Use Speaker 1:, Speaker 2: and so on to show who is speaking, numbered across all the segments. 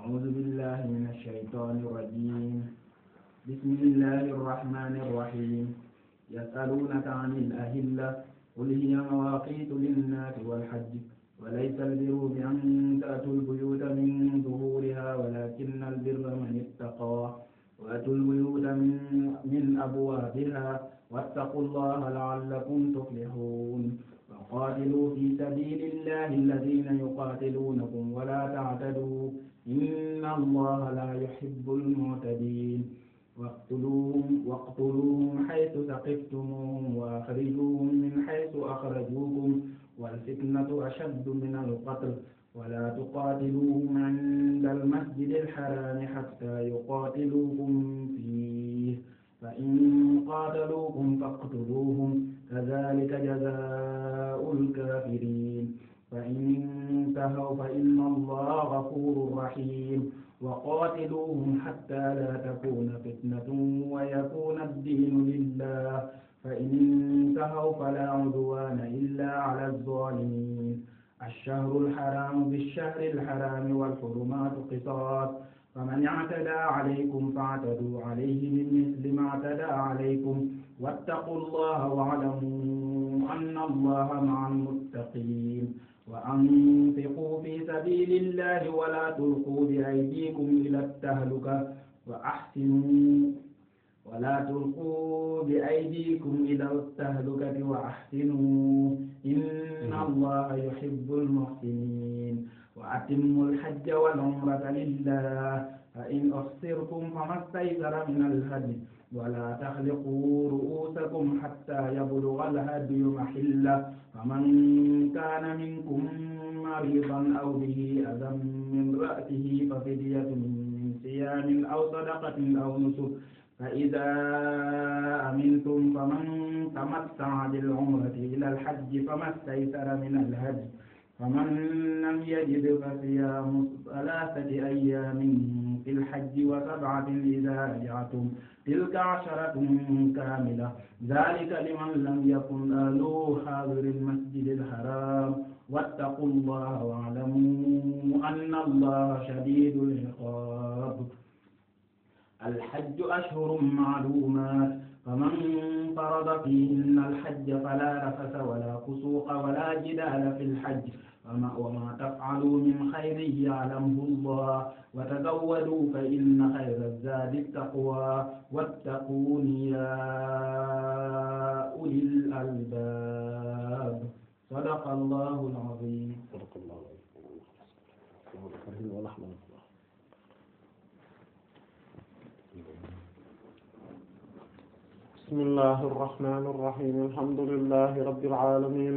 Speaker 1: أعوذ بالله من الشيطان الرجيم بسم الله الرحمن الرحيم يسألونك عن الأهلة قل هي مواقيت للناس والحج وليس البر بأن تأتوا البيوت من ظهورها ولكن البر من اتقى وأتوا البيوت من, من أبوابها واتقوا الله لعلكم تفلحون وقاتلوا في سبيل الله الذين يقاتلونكم ولا تعتدوا inna allaha la yuhibbu al-mu'tadin waqtuluhum waqtuluhum haythu saqiftumuhum wa akhrijuhum min haythu akhrajukum wal fitnatu ashaddu min al-qatl ولا تقاتلوهم عند المسجد الحرام حتى يقاتلوكم فيه فإن قاتلوكم فاقتلوهم كذلك جزاء الكافرين فإن انتهوا فإن الله غفور رحيم وقاتلوهم حتى لا تكون فتنة ويكون الدين لله فإن انتهوا فلا عدوان إلا على الظالمين الشهر الحرام بالشهر الحرام والحرمات قصاص فمن اعتدى عليكم فاعتدوا عليه بمثل ما اعتدى عليكم واتقوا الله واعلموا أن الله مع المتقين وأنفقوا في سبيل الله ولا تلقوا بأيديكم إلى التهلكة وأحسنوا ولا تلقوا بأيديكم إلى التهلكة وأحسنوا إن الله يحب المحسنين وأتموا الحج والعمرة لله فإن أحصرتم فما استيسر من الهدي ولا تخلقوا رؤوسكم حتى يبلغ الهدي محله فمن كان منكم مريضا أو به أذى من رأسه ففدية من صيام أو صدقة أو نسك فإذا أمنتم فمن تمتع بالعمرة إلى الحج فما استيسر من الهدي فمن لم يجد فصيام ثلاثة أيام في الحج وسبعة إذا رجعتم تلك عشرة كاملة ذلك لمن لم يكن أهله حاضر المسجد الحرام واتقوا الله واعلموا أن الله شديد العقاب الحج أشهر معلومات فمن فرض فيهن الحج فلا رفث ولا فسوق ولا جدال في الحج وما تفعلوا من خير يعلمه الله وتزودوا فإن خير الزاد التقوى واتقون يا أولي الألباب صدق الله العظيم صدق الله العظيم ورحمة الله
Speaker 2: بسم الله الرحمن الرحيم الحمد لله رب العالمين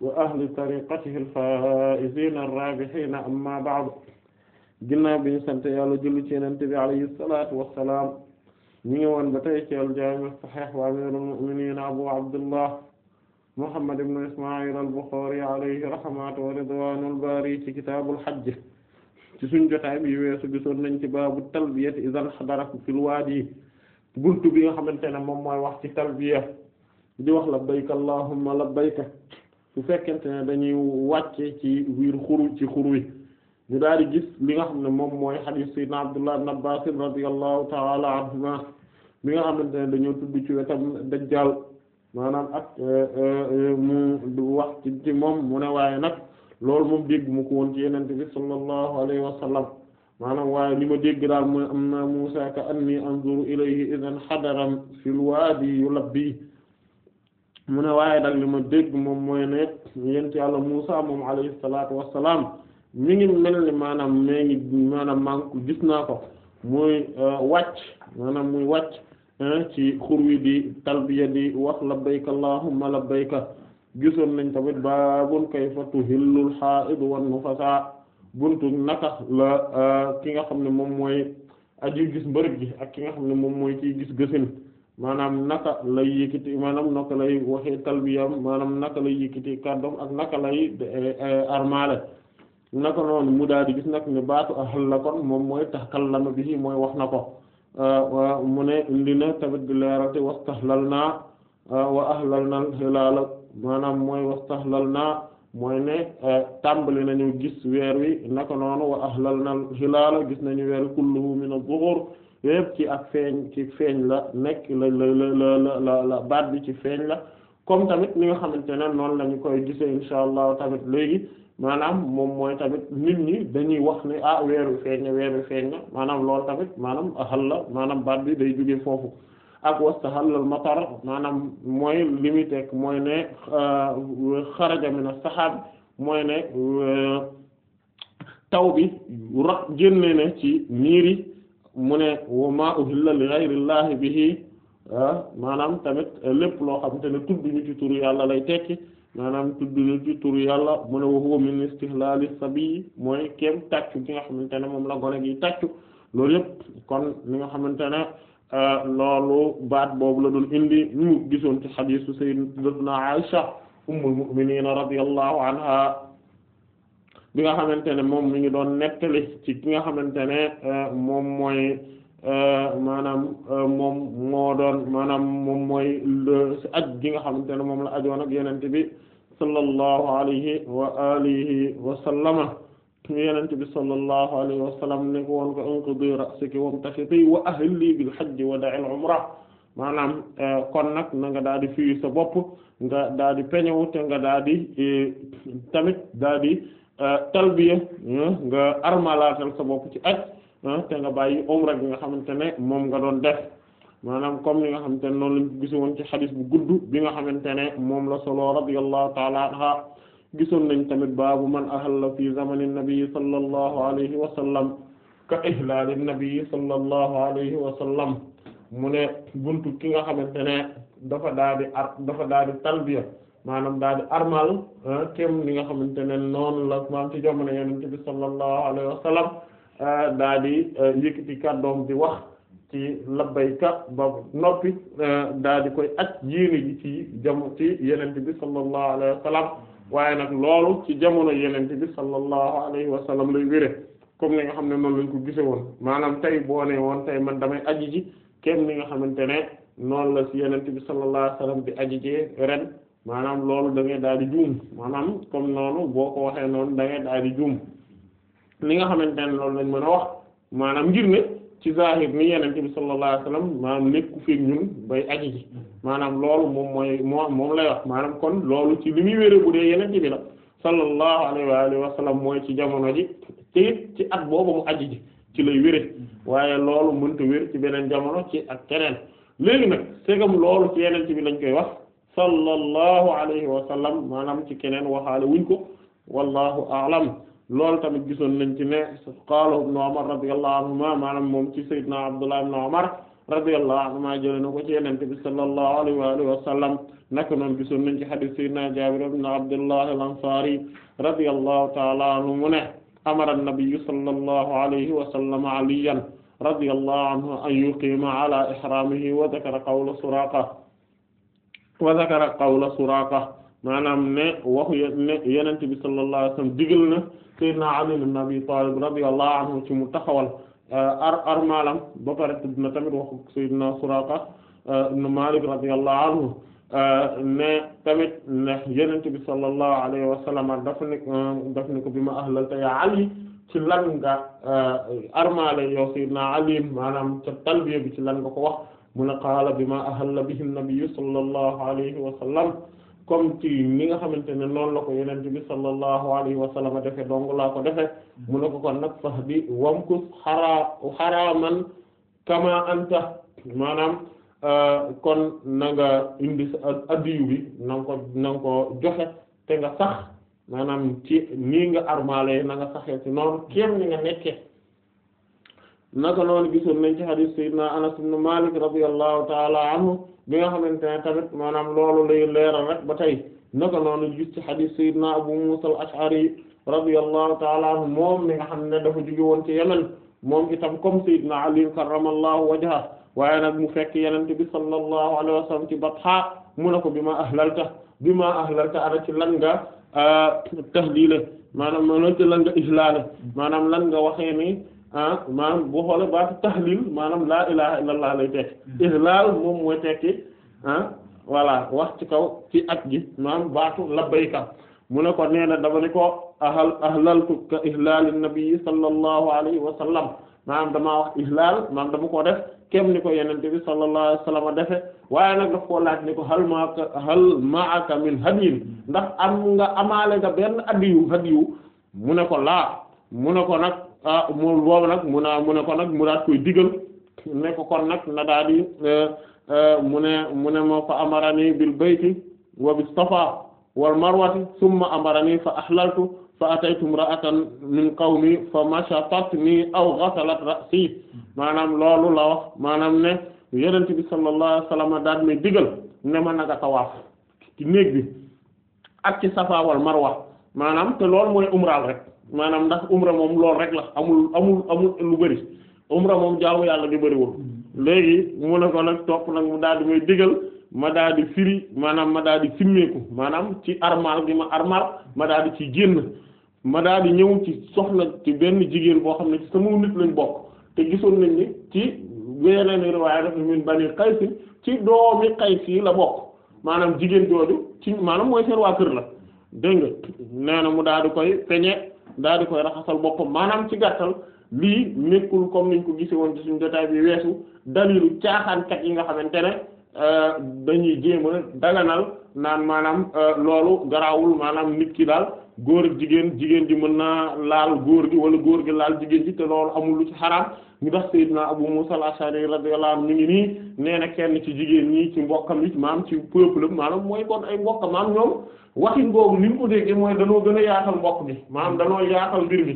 Speaker 2: wa ahli tariqatihi al-faa'iziina ar-raabihiina amma ba'du ginnaaw bi ñu sant yàlla julli ci Yonent bi alayhi salaatu wa salaam ñu ngi woon ba tey ci al-jaami' as-sahiih wa amiiru al-mu'miniin abu abdullah muhammad ibn isma'il al-Bukhari alayhi rahmatu wa ridwaanu al-baari ci kitaabul hajj ci suñ jotaay bi weesu gisoon nañ ci baabu talbiyati izaa hadara fil waadi buntu bi nga xamante ne moom mooy wax ci talbiya di wax labbayka allahumma labbayka su fekkente ne dañuy wàcce ci wiir xuru ci xur wi ñu daal di gis li nga xam ne moom mooy na hadith sayyidina Abdullah ibn Abbas radiyallahu ta'ala anhuma mi nga xamante ne dañoo tudd ci wetam dajjal maanaam ak eh, eh, mu wax ci moom mu ne waaye nag loolu moom dégg mu ko woon ci yeneen bi sallallahu alayhi wa maanaam waaye li ma dégg daal mooy am na Musa ka anni anzuru ilayhi idan hadaram fil wadi yulabbi mu ne waaye nag li ma dégg moom mooy ne yent yàlla Muusa moom alayhi salaatu wassalaam mi ngi mel ni maanaam ma maanaam maa gis naa ko muy euh, wàcc maanaam muy wàcc ci xur wi di talbiya di wax labbayka allahumma labbayka gisoon nañ tamit baabun kayfa tuhillul haa'id wan nufasaa buntu naka la euh, ki nga xam ne moom mooy aji gis mbërëg gi ak ki nga xam ne moom mooy ciy gis gësin maanaam naka lay yëkkati maanaam naka lay waxee talbiyam maanaam naka lay yëkkati kàddoom ak naka lay eh, eh, armaale naka noonu mu daal di gis nag ne baatu ahal la kon moom mooy tax kallama bi mooy wax na ko eh, mu ne indi na tamit di leeralati wastahlal naa wa ahlal na hilaala maanaam mooy naa mooy ne tàmbali nañu gis weer wi naka noonu wa ahlal na hilaala gis nañu weer kulluhu min az-zuhur yépp ci ak feeñ ci feeñ la nekk la la la la la baat bi ci feeñ la comme tamit li nga xamante ne noonu lañu ñu koy gisee insha allah tamit léegi maanaam moom mooy tamit nit ñi dañuy wax ne ah weeru feeñ na weeru feeñ na maanaam lool tamit maanaam ahal la maanaam baat bi day jóge foofu ak wastahallal matar maanaam mooy li muy tekk mooy ne euh, xaraja mina saxaab mooy ne euh, taw bi rox génne na ci niir yi mu ne wa maa uhilla li ghayrillahi bihi ah, maanaam tamit lépp loo xamante ne tudd ñu ci turu yàlla lay tekki maanaam tudd ñu ci turu yàlla mu ne wa huwa min istihlaali sabi mooy kéem tàccu gi nga xamante ne moom la gone gi tàccu loolu yëpp kon li nga xamante ne ah, loolu baat boobu la doon indi ñu gisoon ci hadiisu sayyidatuna Aisha ummul mu'miniina radiyallahu anha bi nga xamante ne moom mi ngi doon nettali ci ki nga xamante ne euh, moom mooy euh, maanaam euh, moom moo doon maanaam moom mooy si aj gi nga xamante ne moom la ajoon ak yenente bi sallallahu alayhi wa alihi wa sallama yenente bi sallallahu alayhi wa sallam ne ko woon ko inqidi ra'siki wamtashiti wa ahli bil hajj wa da'il umra maanaam kon nag na nga daal di fiyu sa bopp nga daal di peñewu te nga daal di tamit daal Euh, talbiya nga armalaatal sa bopp ci aj te nga bàyyi umra bi nga xamante ne moom nga doon def maanaam comme li nga xamante ne noonu lañ ko woon ci xadis bu gudd bi nga xamante ne moom la solo radiyallahu taala anha gisoon nañ tamit baabu man ahalla fi zamani nabi sallallahu alayhi wa sallam ka ihlaali nabi sallallahu alayhi wa sallam mu ne buntu ki nga xamante ne dafa daal di ar dafa daal di talbiya maanaam daal di armal tem ah, li nga xamante ne noonu la maanaam ci jamono Yonent bi sallallahu alayhi wa sallam ah, daa di ah, yëkkati kàddoom di wax ci labbayka ba noppi daa di koy aj yéene ji ci jamono ci Yonent bi sallallahu alayhi wa nag loolu ci jamono Yonent bi sallallahu alayhi wa sallam lay wére comme ni nga xam ne noonu lañ ko gise woon maanaam tey boo woon tey man damay aji ji kenn ni nga xamante ne noonu la ci Yonent bi sallallahu di aji ren maanaam loolu da ngay daal di juum maanaam comme noonu boo ko waxee noonu da ngay daal di juum li nga xamante loolu lañ mën a wax maanaam ngir ne ci zahir ni yenente bi sallallahu alayhi wasallam maanaam nekku feek ñun bay ji maanaam loolu moom mooy moo moom lay wax maanaam kon loolu ci li muy wéré bu dee bi la sallallahu alayhi wa alihi wa sallam ci jamono ji te ci at boobu mu aji ji ci lay wéré waaye loolu mënta wér ci beneen jamono ci ak keneen léegi nag segam loolu ci yenente bi lañ koy wax sallallahu alayhi wa sallam maanaam ci keneen waxaale wuñ ko wallahu a'lam loolu tamit gisoon nañ ci ne qaala ibnu Umar radiyallahu anhuma maanaam moom ci sayyidina Abdullah ibn Umar radiyallahu anhuma jëlee na ko ci yenente bi sallallahu alayhi wa alihi wa sallam naka noonu gisoon nañ ci hadith sayyidina Jaabir ibn Abdullah al-Ansari radiyallahu ta'ala anhu mu ne amara an-nabiy sallallahu alayhi wa sallam Aliyan radiyallahu anhu an yuqima ala ihramihi wa dhakara qawla Suraaqa wa zakara qawla Suraaqa maanaam ne waxu ne Yonent bi sallallahu alayhi wa sallam digal na Seydina Ali ibn Abi Taalib radiyallahu anhu ci mu taxawal euh, ar armalam ba pare tudd na tamit waxu Seydina Suraaqa euh, ibn Maalik radiyallahu anhu euh, ne tamit ne Yonent bi sallallahu alayhi wa sallam daf ne daf ne ko bi ma ahlalta yaa Ali ci lan nga armale yow Seydina Ali maanaam ca talbiya bi ci lan nga ko wax mu ne qaala bi ma ahalla bihi nabi sallallahu alayhi wa sallam comme ci ni nga xamante ne noonu la ko yenente bi sallallahu alayhi wa sallam defe dong laa ko defe mu ne ko kon nag fax bi wam kus xaraa xaraaman kama anta maanaam euh, kon nanga indi addiyu bi na nga ko na nga joxe te nga sax maanaam ci nii nga armaale na nga saxee ci noonu kenn ni nga nekkee naka noonu gisoon nañ ci hadith sayyidina Anas ibn Malik radiyallahu ta'ala anhu bi nga xamante ne tamit maanaam loolu lay leeral rek ba tey naka noonu gis ci hadith sayyidina Abu Musa al-Ash'ari radiyallahu ta'ala anhu moom mi nga xam ne dafa woon ci Yemen moom itam comme sayyidina Ali karramallahu wajhahu waaye nag mu fekk yenente bi sallallahu alayhi wa sallam ci Batha mu ne ko bi ma ahlalta bi ma ahlalta ana ci lan nga euh, tahlila maanaam maanaam ci lan maanaam lan nga waxee ni ah maanaam boo xoolee baatu tahlil maanaam laa ilaha illallah lay tekki ihlal moom mooy tekki ah wax ci kaw ci at gi maanaam baatu labbayka mu ne ko nee na dama ne ko ahal ahlaltu ka ihlaalin nabi sallallahu alayhi wa sallam maanaam damaa wax ihlal maanaam dama ko def kenn ni ko yenente bi sallallahu alayhi wa sallam defe waaye nag daf koo laaj ni ko hal maaka hal maaka min hadiyin ndax am nga amaale nga benn addiyu hadiyu mu ne ko laa mu ne ko nag ah moom boobu nag mu naa mu ne ko nag mu daat koy digal ne ko kon nag na daa eh, eh, mu ne mu ne ma fa amarani bil bayti wa bis safa wal marwati summa amarani fa ahlaltu fa ataytu imra'atan min qawmi fa mashatatni aw ghasalat ra'si maanaam loolu la wax maanaam ne yonent bi sallallahu alayhi wasallam may digal ne ma naga tawaaf ci néeg bi ak ci safa wal marwa maanaam te loolu mooy umraal rek maanaam ndax umra moom loolu rek la amul amul amul lu bëri umra moom jaamu yàlla di bëriwul mm-hmm. léegi mu ne ko nag topp nag mu daal di may digal ma daal di maanaam ma daal di simmeeku maanaam ci armal gi ma armal ma ci génn ma daal ñëw ci soxna ci benn jigéen boo xam ne ci sama nit lañ bokk te gisoon nañ ni ci beneen riwaaya dafa min bani Qays ci doomi Qays yi la bokk maanaam jigéen jooju ci maanaam mooy seen waa kër la dégg nga mu daal koy peñe daal di koy raxasal boppam maanaam ci gàttal lii nekkul comme niñ ko gisee woon ci suñu jotaay bi weesu dalilu caaxaankat yi nga xamante ne Euh, dañuy jéem a daganal naan maanaam euh, loolu garaawul maanaam nit ki daal góor ak jigéen jigéen ji mën naa laal góor gi wala góor gi laal jigéen ji te loolu amul lu ci xaraam ñu tax Seydina Abu Musa al-Ash'ari radiyallahu anhu ñu ngi nii nee na kenn ci jigéen ñi ci mbokkam it maam ci peuple maanaam mooy kon ay mbokk maam ñoom waxin boobu ni mu ko déggee mooy danoo gën a yaatal mbokk bi maanaam danoo yaatal mbir bi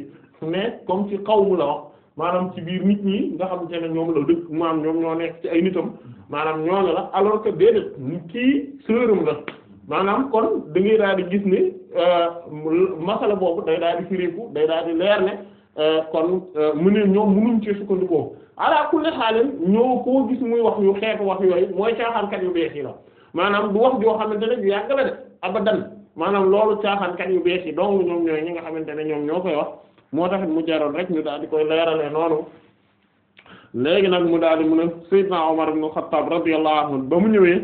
Speaker 2: mais comme ci xaw mu la wax maanaam ci biir nit ñi nga xamante ne ñoom la dëkk maam ci ay nitam maanaam ñooñu la alors que déedéet kii sërëm la maanaam kon da ngay daal di gis ni euh, masala boobu day daal di firiku day daal di leer ne euh, kon euh, mu ne ñoom munuñ ci sukkandikoo ala kulli xaalin ñoo koo gis muy wax yu xeetu wax yooyu mooy caaxaankat yu bees yi la maanaam du wax joo xamante ne ju yàgg la de abadan maanaam loolu caaxaankat yu bees yi donc ñoom ñooy ñi nga xamante ne ñoom ñoo koy wax moo taxit mu jaroon rek ñu daal di koy leeralee noonu léegi nag mu daal mu ne Seydina Omar ibn Khattab radiyallahu anhu ba mu ñëwee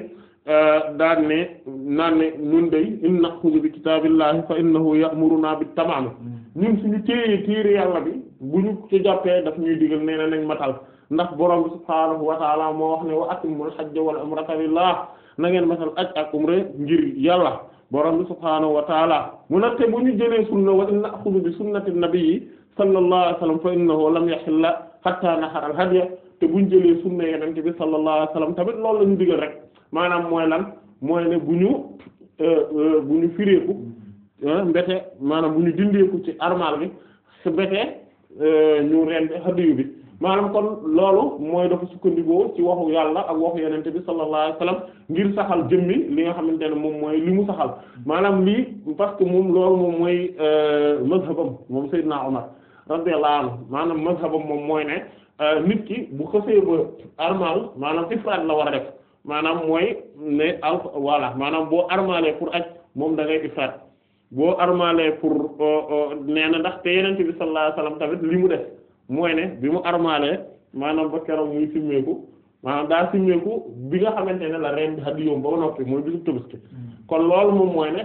Speaker 2: euh, daan ne naan ne ñun de in naxudu bi kitaabillahi fa innahu ya'muruna bit tamam ñun suñu téye téere yàlla bi bu ñu ci jàppee daf ñuy digal nee na matal ndax borom bi subhaanahu wa ta'ala moo wax ne wa atimmul hajja wal umrata lillah na ngeen matal aj ak umra ngir yàlla borom bi subhaanahu wa mu nag te bu ñu jëlee sunna wa in naxudu bi sunnati nabiyyi sallallahu alayhi hatta naharal hadiya te buñ jëlee sunna yenente bi sallallahu alayhi wasallam tamit loolu la ñu digal rek maanaam mooy lan mooy ne bu ñu euh, euh, bu ñu fireeku euh, mbete maanaam bu ñu dindeeku ci armal bi su mbete ñu rende hadiyu bi maanaam kon loolu mooy dafa sukkandikoo ci waxu yàlla ak waxu yenente bi sallallahu alayhi wasallam ngir saxal jëmmi li nga xamante ne moom mooy li mu saxal maanaam lii parce que moom loolu moom mooy mazhabam moom Seydina Omar radiyallahu anhu maanaam mazhabam moom mooy ne euh, nit ki bu xësee ba armal maanaam ifraat la war a def maanaam mooy ne al voilà maanaam boo armalee pour aj moom da ngay ifraat boo armalee pour euh, euh, nee na ndax te yeneen bi sallallahu alayhi wasallam tamit li mu def mooy ne bi mu armalee maanaam ba keroog muy simmeeku maanaam daa simmeeku bi nga xamante ne la ren hadiyom ba ma noppi mooy bisu Tabaski hmm. kon loolu moom mooy ne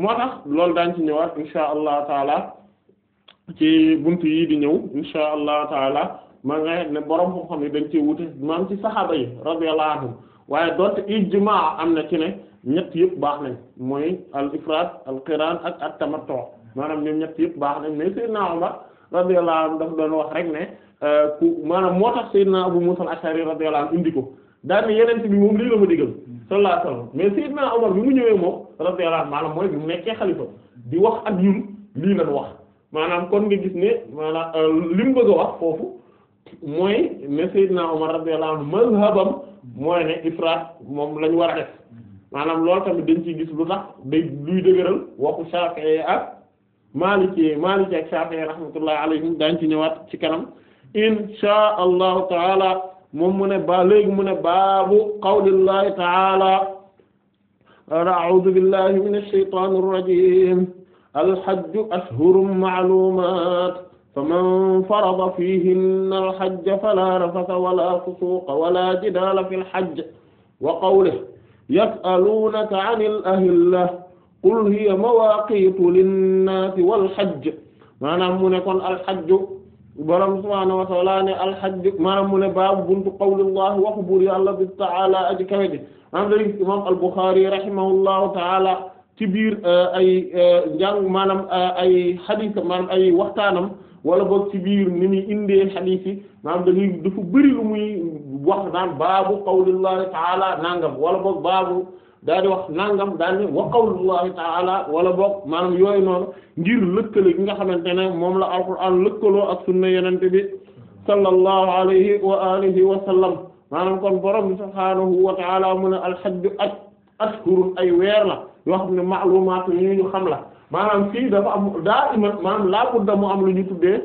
Speaker 2: moo tax loolu daan ci ñëwaat insha ci bunt yi di ñëw insha allah taala ma nga ne borom moo xam ne dañ ci wute maam ci saxaaba yi radiyallahu anhum waaye donte ijmaa am na ci ne ñett yëpp baax nañ mooy al ifraad al qiraan ak at tamattu maanaam ñoom ñett yëpp baax nañ mais Seydina Umar radiyallahu anhu daf doon wax rek ne euh, ku maanaam moo tax Seydina Abu Muusaa al-Ash'ari radiyallahu anhu indi ko daal ni yeneen bi moom lii la ma digal sallallahu alayhi wasallam mais Seydina Umar bi mu ñëwee moom radiyallahu anhu maanaam mooy bi mu nekkee xalifa di wax ak ñun lii lañ wax maanaam kon nga gis ni maanaam euh, li bëgg a wax foofu mooy ne Seydina Omar radiyallahu anhu mazhabam mooy ne ifraat moom lañ war a def maanaam loolu tamit dañ ciy gis lu tax day luy dëgëral waxu Shafi'i ak Maliki Maliki ak Shafi'i rahmatullahi alayhim daañ ci ñëwaat ci kanam inshaa allahu taala moom mu ne ba léegi mu ne baabu qawlillahi taala a'udhu billahi minash shaytanir rajim alxajju ashhurum maalumaat faman farada fiihinna alxajja falaa rafasa wala fusuuqa wala jidaala fi lxajj wa qawlihi yas'aluunaka anil ahilla qul hiya mawaaqiitu linnaasi walxajj maanaam mu ne kon alxajju borom subhaanahu wa ta'aala ne alxajju maanaam mu ne baabu buntu qawlillaahi waxu buur yàlla bi ta'aala aji kawe ji am na imaam al-Buxaari rahimahullahu ta'aala ci biir euh, ay njàng euh, maanaam euh, ay xadiis ay waxtaanam wala book ci biir ni muy indee xadiis yi maanaam dañuy dafa bëri lu muy wax naan baabu qawlillahi taala nangam wala boog baabu daal di wax nangam daal di wa qawlillahi taala wala boog maanaam yooyu noonu ngir lëkkale gi nga xamante ne moom la alquran lëkkaloo ak sunna yenente bi sallallahu alayhi wa alihi wa sallam kon borom bi subhaanahu wa taala mu ne alxajju aj ashhurun ay weer la yoo xam ne maalumaat yu ñu xam la maanaam fii dafa am daa iman maanaam laa budda mu am lu ñu tuddee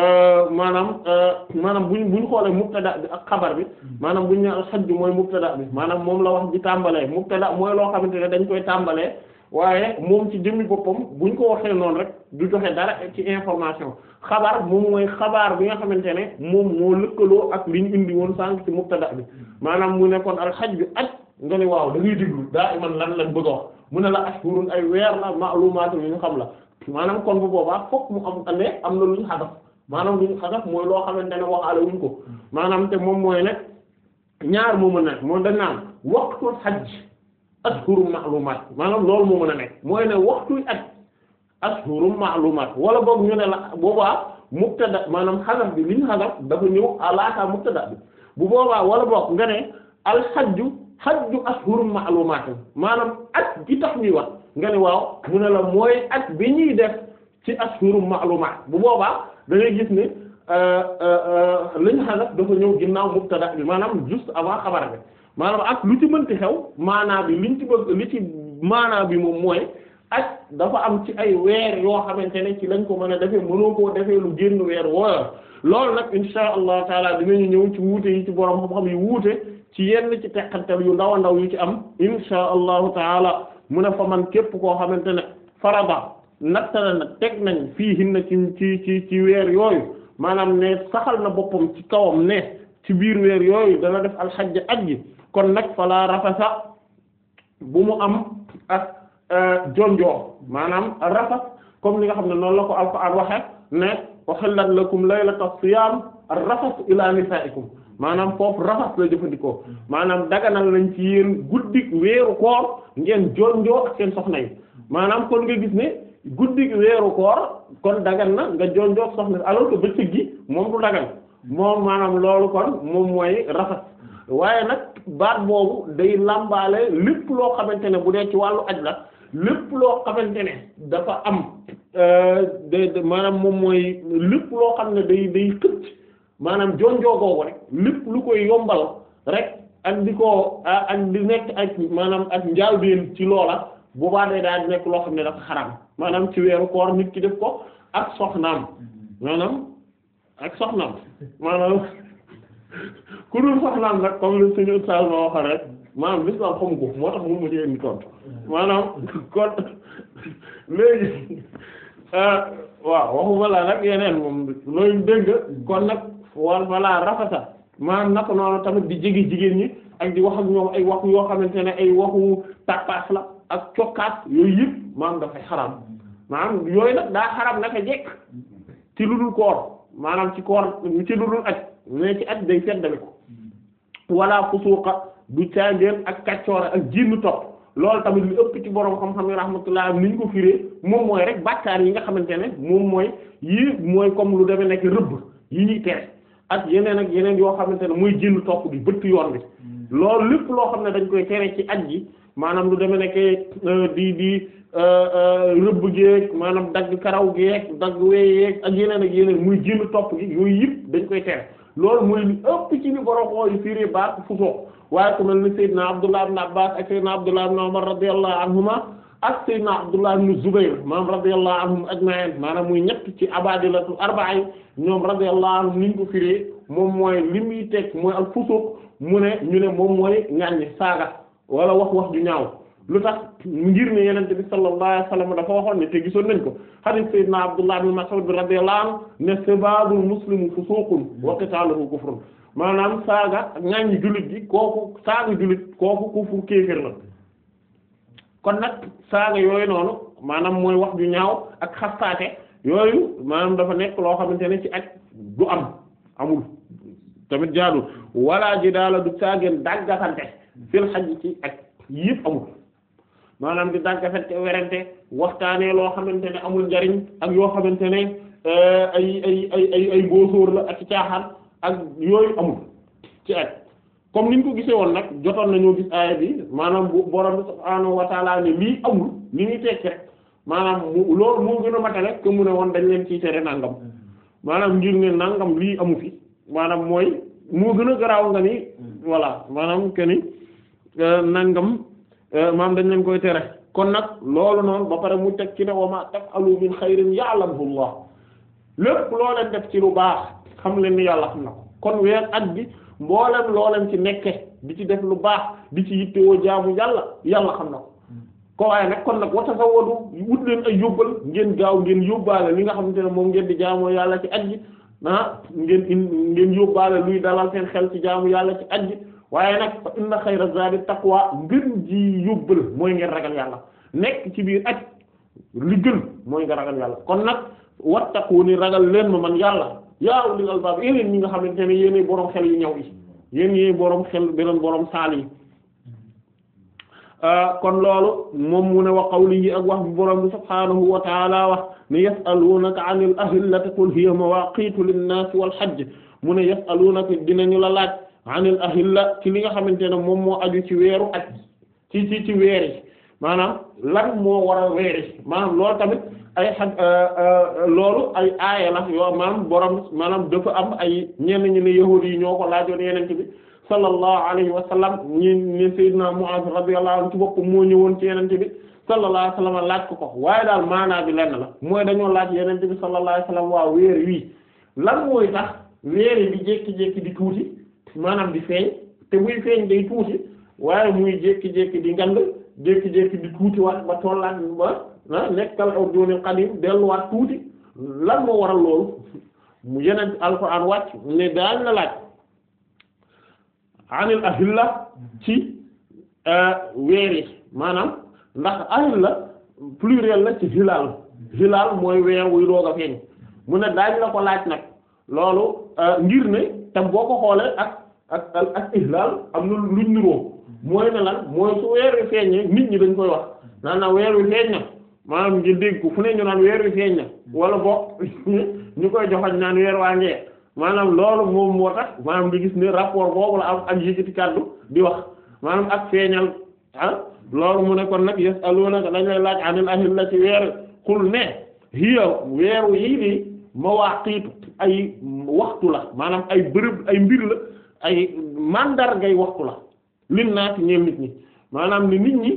Speaker 2: euh, maanaam euh, maanaam buñ buñ xoolee mubtada bi ak xabar bi maanaam buñ ne al bi mooy mubtada bi maanaam moom la wax bi tàmbalee mubtada mooy loo xamante ne dañ koy tàmbalee waaye moom ci jëmmi boppam bu ñu ko waxee noonu rek du joxe dara ci information xabaar moom mooy xabaar bi nga xamante ne moom lëkkaloo ak li ñu indi woon sànq ci mubtada maanaam mu nekkoon alxaj bi aj nga waaw da ngay déglu daa iman lan lan bëgg a wax mu ne la ashhurun ay weer la ma'lumaat yu ñu xam la maanaam kon bu boobaa fokk mu am am na lu ñu maanaam lu ñu xadaf mooy loo xamante ne waxaale wuñ ko maanaam moom mooy nag ñaar moo mën a moom dañ naan xaj ashuru ma'lumat maanaam loolu moo mën a nekk mooy ne waxtuy at ashuru ma'lumat wala boog ñu ne la boobaa mubtada maanaam xadaf bi li ñu xadaf dafa ñëw alaataa mubtada bi bu boobaa wala boog nga ne alxajju xajju ashuru ma'lumat maanaam at gi tax ñuy wax nga ne waaw mu ne la mooy at bi ñuy def ci ashuru ma'lumat bu boobaa da ngay gis ne euh, euh, euh, li ñu dafa ñëw ginnaaw mubtada bi maanaam juste avant xabar bi maanaam ak lu ci mënti xew maanaa bi liñ ci bëgg li ci maanaa bi moom mooy ak dafa am ci ay weer yoo xamante ne ci lañ ko mën a defee mënoo koo defee lu génn weer wooyoon loolu nag insha allah taala dinañu ci wuute ci borom xam-xam yi wuute ci yenn ci teqantal yu ndaw ndaw yu ci am insha allahu taala mu ne fa man képp koo xamante ne faraba natt na teg nañ fii hin na ci ci ci weer yooyu maanaam ne saxal na boppam ci kawam ne ci biir weer yooyu dana def alxajj aj gi kon nag fala rafasa bu mu am ak euh, jonjoo maanaam rafas comme li nga xam ne noonu la ko alquran waxe ne uhillat lakum la siyam ar-rafas ila nisaikum maanaam foofu rafas la jëfandikoo maanaam daganal lañ ci yéen guddik weeru koor ngeen jonjoo ak soxna yi maanaam kon nga gis ne guddik weeru koor kon dagan nga jonjoo ak soxna alors que bëccëg gi moom du dagan moom maanaam loolu kon moom mooy rafas waaye nag baat boobu day làmbaale lépp loo xamante ne bu dee ci wàllu aj la lépp loo xamante ne dafa am euh, de maanaam moom mooy lépp loo xam ne day day xëcc maanaam jonjoo googu rek lépp lu koy yombal rek ak di ko ak di nekk ak maanaam ak njaalbeen ci loola boobaa day daal nekk loo xam ne dafa xaraam maanaam ci weeru koor nit ki def ko ak soxnaam maanaam ak soxnaam maanaam ku dul soxlaam nag comme suñu saal ma waxoon rek maanaam l'islam xamu ko moo tax mun ma ci indi tontu maanaam kon léegi ah, waaw waxuma laa nag yeneen moom loolu dégg kon nag war balaa rafasa tamit di jege jigéen ñi di wax ak ay wax yoo xamante ne ay waxu tappaas la ak cokkaas yooyu yëpp maanaam dafay xaram maanaam yooyu nag daa xaram naka jekk ci lu dul koor maanaam ci koor ci lu dul aj mais ci at day seddale ko wala fusuuqa du caangeen ak kaccoora ak jiinu topp loolu tamit lu ëpp ci borom xam-xam yi rahmatullah ni ñu ko firee moom mooy rek bàkkaar yi nga xamante ne moom mooy yii mooy comme lu demee nekk rëbb yi ñuy tere ak yeneen ak yeneen yoo xamante ne mooy jiinu topp bi bëtt yoon bi loolu lépp loo xam ne dañ koy tere ci at ji maanaam lu demee nekk euh, di di euh, euh, rëbb geeg maanaam dagg karaw geeg dagg weyeeg ak yeneen ak yeneen muy jiinu topp gi dañ koy tere loolu mooy li ëpp ci li borom xoo yi firi baat fu soog waaye ku mel ni Seydina Abdullah ibn Abbas ak Seydina Abdullah ibn Umar radiyallahu anhuma ak Seydina Abdullah ibn Zubayr maanaam radiyallahu anhum ajma'in maanaam muy ñett ci abadilatu arba'a yi ñoom radiyallahu anhum niñ ko firee moom mooy li muy teg mooy al fusuq mu ne ñu ne moom mooy ñaan ñi saaga wala wax wax ju ñaaw. lu tax ngir ne yenente bi sallallahu alayhi wasallam dafa waxoon ne te gisoon nañ ko hadith sayyidina Abdullah ibn Mas'ud radiyallahu anhu ne sibaabul muslimu fusuqun wa qitaaluhu kufrun maanaam saaga ñaañi jullit gi kooku saaga jullit kooku kufur kéefér la kon nag saaga yooyu noonu maanaam mooy wax ju ñaaw ak xastaate yooyu maanaam dafa nekk loo xamante ne ci ak du am amul tamit jaadu wala ji daala du saageen dàggasante fil xaj ci ak yëpp amul maanaam di dànkafet werante waxtaanee loo xamante ne amul njariñ ak yoo xamante ne eh, ay ay ay la ak caaxaan ak yooyu amul ci at comme niñ ko gisee woon nag jotoon nañoo gis aaya bi maanaam bu borom bi subhaanahu wa taala ne lii amul li tekki rek maanaam loolu moo gën a matale que mu ne woon dañ leen ciy tere nangam maanaam ngir ne nangam lii amu fi maanaam mooy moo gën a garaaw nga ni voilà maanaam que eh, nangam. Euh, maam dañ leen koy tere kon nag loolu noonu ba pare mu teg ci ne wa ma taf'alu min xayrin ya'lamhu Allah lépp loo leen def ci lu baax xam leen ni yàlla xam na ko kon weer at bi mboolem loo ci nekke bi ci def lu baax di ci yittewoo jaamu yàlla yàlla xam na ko ko waaye nag kon nag wa tazawwadu wut leen ay yóbbal ngeen gaaw ngeen yóbbaale li nga xamante ne moom ngeen di jaamoo yàlla ci at gi ah, ngeen ngeen ngeen yóbbaale luy dalal seen xel ci jaamu yàlla ci at gi waaye nag fa inna xayra zaadi taqwa ngir ji yóbbal mooy ngeen ragal yàlla nekk ci biir aj li gën mooy nga ragal yàlla kon nag wattaqu ni ragal leen ma man yàlla yaa ulil albaab yéen ñi nga xamante ne yéenay boroom xel yu ñëw yi yéen yéen boroom xel beneen boroom saal euh, kon loolu moom mu ne wa qawlihi ak wax bi boroom bi subhaanahu wa taala wax ne yasaluunaka anil ahillati qul hiya mawaqitu linnaasi wal hajj mu ne yasaluunaka dinañu la laaj anil ahilla ci li nga xamante ne moom moo aju ci weeru ak ci ci ci maanaam lan moo waral weer yi maanaam loolu tamit ay xaj euh, euh, loolu ay aaya la yoo maanaam borom maanaam dafa am ay ñenn ñi ne yahuud yi ñoo ko laajoon yeneen ci bi sallallahu alayhi wa sallam ñi ne Seydina Mu'az radiyallahu anhu ci moo ñëwoon ci yeneen bi sallallahu alayhi wa sallam laaj ko ko waaye daal maanaa bi lenn la mooy dañoo laaj yeneen bi sallallahu alayhi wa sallam waa weer wii lan mooy tax weer yi di jékki di tuuti maanaam di feeñ te muy feeñ day tuuti waaye muy jékki-jékki di ngand jékki-jékki di tuuti waat ba tollaat ba nekkal aw doonil qadim delluwaat tuuti lan moo waral loolu mu yeneen alxuraan wàcc ne daañ la laaj anil la ci uh, weer maanaam ndax ahilla pluriel la ci hilaal hilaal mooy weer wuy doog a feeñ mu ne daañ la ko laaj nag loolu uh, ngir ne tam boo ko xoolee ak ak ak ihlal am na luñ niroo mooy ne lan mooy su weer wi feeñee nit ñi dañ koy wax naan na weer wi feeñ na maanaam ngi dégg ko fu ne ñu naan weer wi feeñ na ñu koy joxoñ naan weer waa ngee maanaam loolu moom moo tax maanaam gis ne rapport boobu la di wax maanaam ak feeñal ah mu ne nag yes alunaka dañ lay laaj anil ahil la ci weer xul ne hiya weeru yii di mawaqiitu ay waxtu la maanaam ay bërëb ay mbir la ay mandar ngay waxtu la lin naa ci ñeel nit ñi maanaam ne nit ñi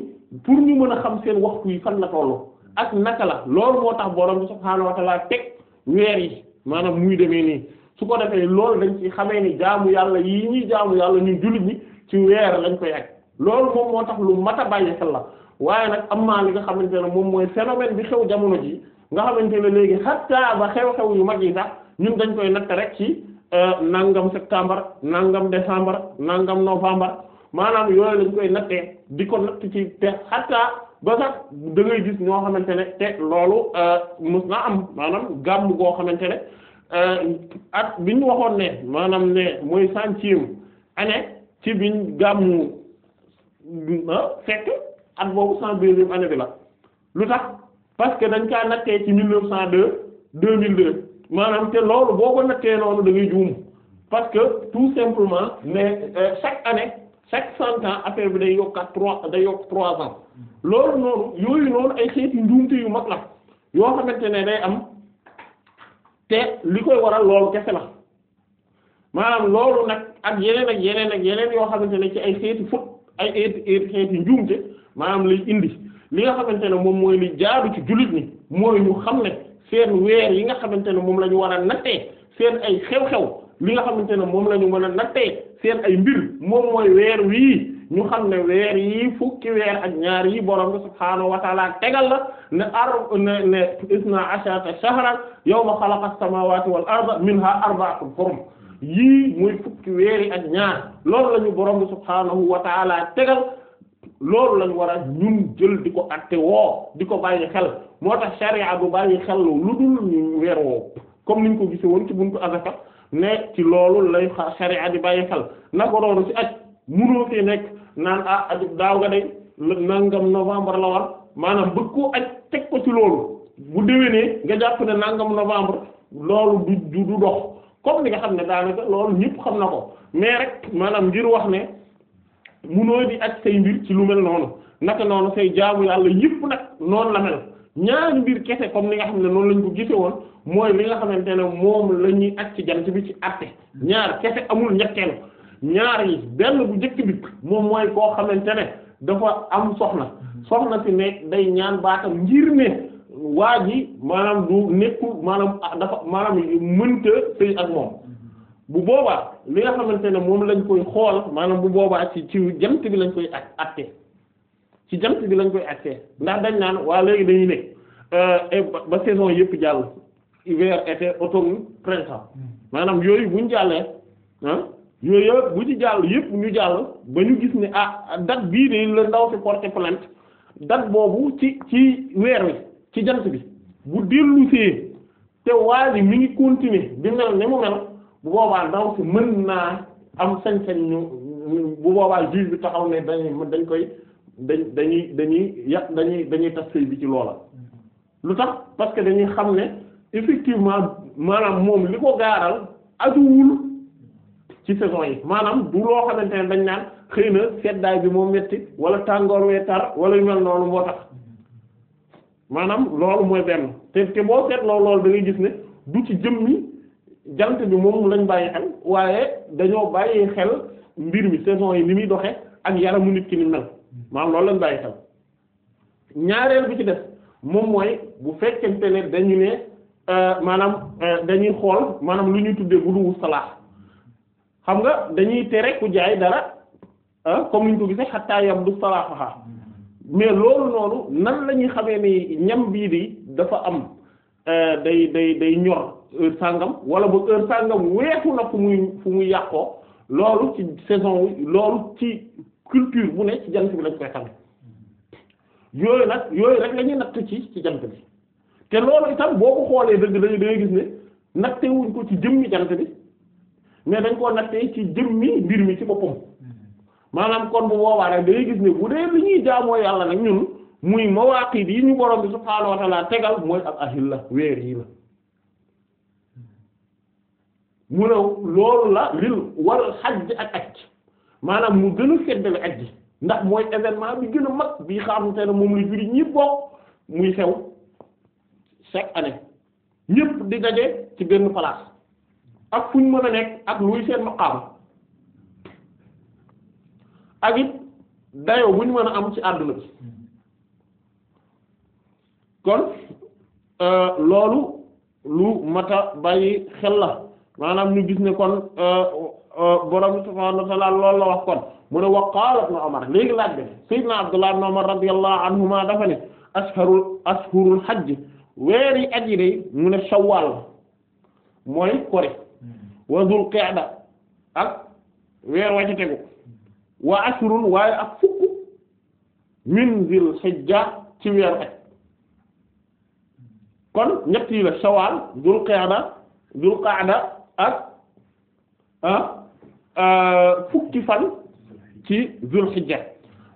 Speaker 2: pour ñu mën a xam seen waxtu yi fan na tollu ak naka la lool moo tax borom bi subhaanahu wa ta'ala teg weer yi maanaam muy demee nii su ko defee lool dañ ci xamee ni jaamu yàlla yi ñuy jaamu yàlla ñun jullit ñi ci weer lañ koy ak loolu moom moo tax lu mat a bàyyi xel la waaye nag am naa li nga xamante ne moom mooy phénomène bi xew jamono ji nga xamante ne léegi xattaa ba xew-xew yu mag yi sax ñun dañ koy natt rek ci Euh, nangam septembre nangam décembre nangam novembre maanaam yooyu lañ koy nattee di ko natt ci te hatta ba sax da gis ñoo xamante ne te loolu euh, mus na am maanaam gàmm goo xamante ne euh, at bi waxoon ne maanaam ne mooy centième année ci biñ gàmmu fekk at boobu cent deuxième année bi la lu tax parce que dañ kaa nattee ci mille neuf cent deux deux mille deux maanaam te loolu boo ko nattee noonu da ngay parce que tout simplement mais euh, chaque année chaque cent ans affaire bi day yokkaat trois day yokk trois ans loolu noonu yooyu noonu ay xeeti njuumte yu mag la yoo xamante ne day am te li koy waral loolu kese na maanaam loolu nag ak yeneen ak yeneen ak yeneen yoo xamante ne ci ay xeeti fut ay xeeti xeeti njuumte maanaam lay indi li nga xamante ne moom mooy li jaaru ci jullit ni mooy ñu xam ne. seen weer yi nga xamante ne moom lañu ñu war a seen ay xew-xew li nga xamante ne moom lañu ñu mën seen ay mbir moom mooy weer wii ñu xam ne weer yi fukki weer ak ñaar yi borom bi subhaanahu tegal la ne ar ne ne isna asharata shahran yawma weer yi ak ñaar loolu la ñu borom bi subhaanahu wa taala tegal loolu lañu war ñun jël di ko atte woo di ko bàyyi xel moo tax sharia du bàyyi xel lu dul ñu weer woowu comme niñ ko gise woon ci buntu azaka ne ci loolu lay sharia di bàyyi xel naka doonu ci aj munoo fi nekk ah aju daaw nga day novembre la war maanaam bëgg koo aj teg ko ci loolu bu déwénee nga jàpp ne nangam novembre loolu du dox comme ni nga xam ne daanaka loolu ñëpp xam na ko mais rek maanaam ngir wax ne munoo di aj say mbir ci lu mel noonu naka noonu say jaamu yàlla yëpp nag noonu la mel. ñaari mbir kese comme li nga xam ne noonu lañu ko gise woon mooy li nga xamante ne moom la ñuy ci jant bi ci atte ñaar kese amul ñetteelu ñaar yi benn bu njëkk bi moom mooy koo xamante ne dafa am soxna soxna si nekk day ñaan baatam ngir ne waa ji maanaam du nekkul maanaam ah dafa maanaam mënta sëy ak moom bu boobaa li nga xamante ne moom lañ koy xool maanaam bu boobaa ci ci jant bi lañ koy atte ci jant bi lañ koy accès ndax dañ naan waa léegi dañuy nekk euh, ba saison yëpp jàll hiver été automne printemps hmm. maanaam yooyu bu ñu jàllee ah yooyu yëpp bu ci jàll yëpp ñu jàll ba ñu gis ni ah date bii de la ndaw si porter plainte date boobu ci ci weer wi ci jant bi bu dellu see te waa ji mi ngi continuer di mel ne mu mel bu boobaa ndaw si mën naa am sañ-sañ ñu bu boobaa juge bi taxaw ne dañ dañ koy. dañ dañuy dañuy yàq dañuy dañuy tas sëy bi ci loola lu tax parce que dañuy xam ne effectivement maanaam moom li ko gaaral ajuwul ci saison yi maanaam du loo xamante ne dañ naan xëy na seddaay bi moom metti wala tàngoor wee tar wala yu mel noonu moo tax maanaam loolu mooy benn te te boo seetloo loolu da ngay gis ne du ci jëmmi jant bi moom lañ bàyyi xel waaye dañoo bàyyi xel mbir mi saison yi ni muy doxe ak yaramu nit ki ni mel maanaam loolu lañ bàyyi xel ñaareel bi ci def moom mooy bu fekkente ne dañu ne euh, maanaam euh, dañuy xool maanaam lu ñuy tuddee bu duwu salaax xam nga dañuy tere ku jaay dara ah, comme niñ ko gisee xataa yam du salaaxaxa mais loolu noonu nan lañuy xamee ni ñam bii di dafa am euh, day day day ñor heure sàngam wala ba heure sàngam weesu na fu muy fu muy yàqoo loolu ci saison loolu ci culture bu ne ci jant bi lañ koy xamee yooyu nag yooyu rek la natt ci ci jant bi te loolu itam boo xoolee dëgg dañu dañuy gis ne nattewuñ ko ci jëmmi jant bi mais dañ koo nattee ci jëmmi mbir mi ci boppam maanaam kon bu boobaa rek dañuy gis ne bu dee li ñuy jaamoo yàlla nag ñun muy mawaqit yi ñu borom bi subhaanahu wa ta'ala tegal mooy ak la weer yi la mu ne loolu la lil wal xaj ak aj maanaam mu gën a feddale aj gi ndax mooy événement bi gën mag bi xamante ne moom la jullit ñëpp bokk muy xew chaque année ñëpp di daje ci benn place ak fu ñu mën a nekk ak luy seen maqaam ak it dayoo bu ñu mën a am ci àdduna bi kon euh, loolu lu mata bàyyi xel la maanaam ñu gis ne kon euh, Euh, borom subhaanahu wa ta'aala loolu kon mu ne wa qaala Umar léegi laaj bi Abdullah ibn Umar radiyallahu anhuma dafa ne ashharul ashhurul hajj weer aji day mu ne shawwal mooy kori wa dhul qa'da ak weer wa wa ashrun waaye ak fukk min dhil hijja ci weer kon ñett yi dhul qa'da dhul qa'da ak ah Euh, fukki fan ci zulhijja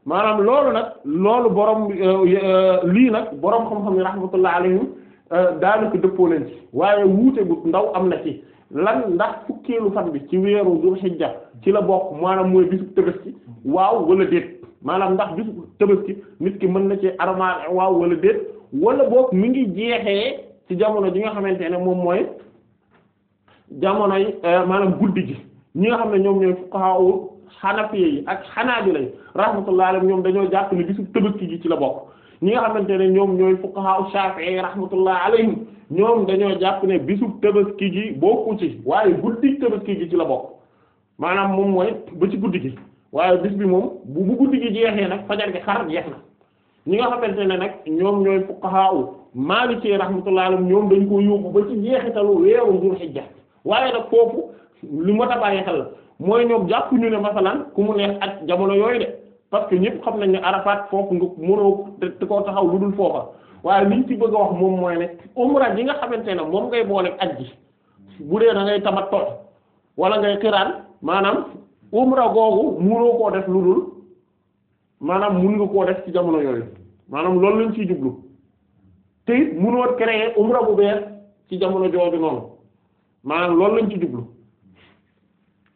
Speaker 2: maanaam loolu nag loolu borom euh, lii nag boroom xam-xam yi rahmatullah alayhim euh, daanaka dëppoo leen ci waaye wuute bu ndaw am na ci lan ndax fukkeelu fan bi ci weeru zulhijja ci la bokk maanaam mooy bisu tabaski waaw wala déet maanaam ndax bisu tabaski nit ki mën na ci armal waaw wala déet wala boog mi ngi jeexee ci jamono ji nga xamante ne moom mooy jamonoy maanaam guddi gi. ñi nga xam ne ñoom ñooy fuqahaa'u xanafiye yi ak bi yi rahmatullahi alayhim ñoom dañoo jàpp ne bisu tabaski gi ci la bokk ñi nga xamante ne ñoom ñooy fuqahaa'u shaafi'i rahmatullahi alayhim ñoom dañoo jàpp ne bisu tabaski gi bokku ci waaye guddi tabaski gi ci la bokk maanaam moom mooy ba ci guddi gi waaye bis bi moom bu bu guddi gi jeexee nag fajar gi xar jeex na ñi nga xamante ne nag ñoom ñooy fuqahaa'u maaliki rahmatullahi alayhim ñoom dañ ko yóbbu ba ci jeexitalu weeru Dul Hijja waaye nag foofu lu mot a bàyyi la mooy ñoom jàpp ñu ne masalan ku mu neex ak jamono yooyu de parce que ñëpp xam nañ ne Arafat foofu nga mënoo te koo taxaw lu dul foofa waaye liñ ci bëgg a wax moom mooy ne umra ji nga xamante ne moom ngay booleeg aj ji bu dee da ngay tamat tool wala ngay xiraan maanaam umra googu mënoo koo def lu dul maanaam mun nga koo def ci jamono yooyu maanaam loolu lañ ciy jublu te it mënoo créer umra bu bees ci jamono jooju noonu maanaam loolu lañ ci jublu.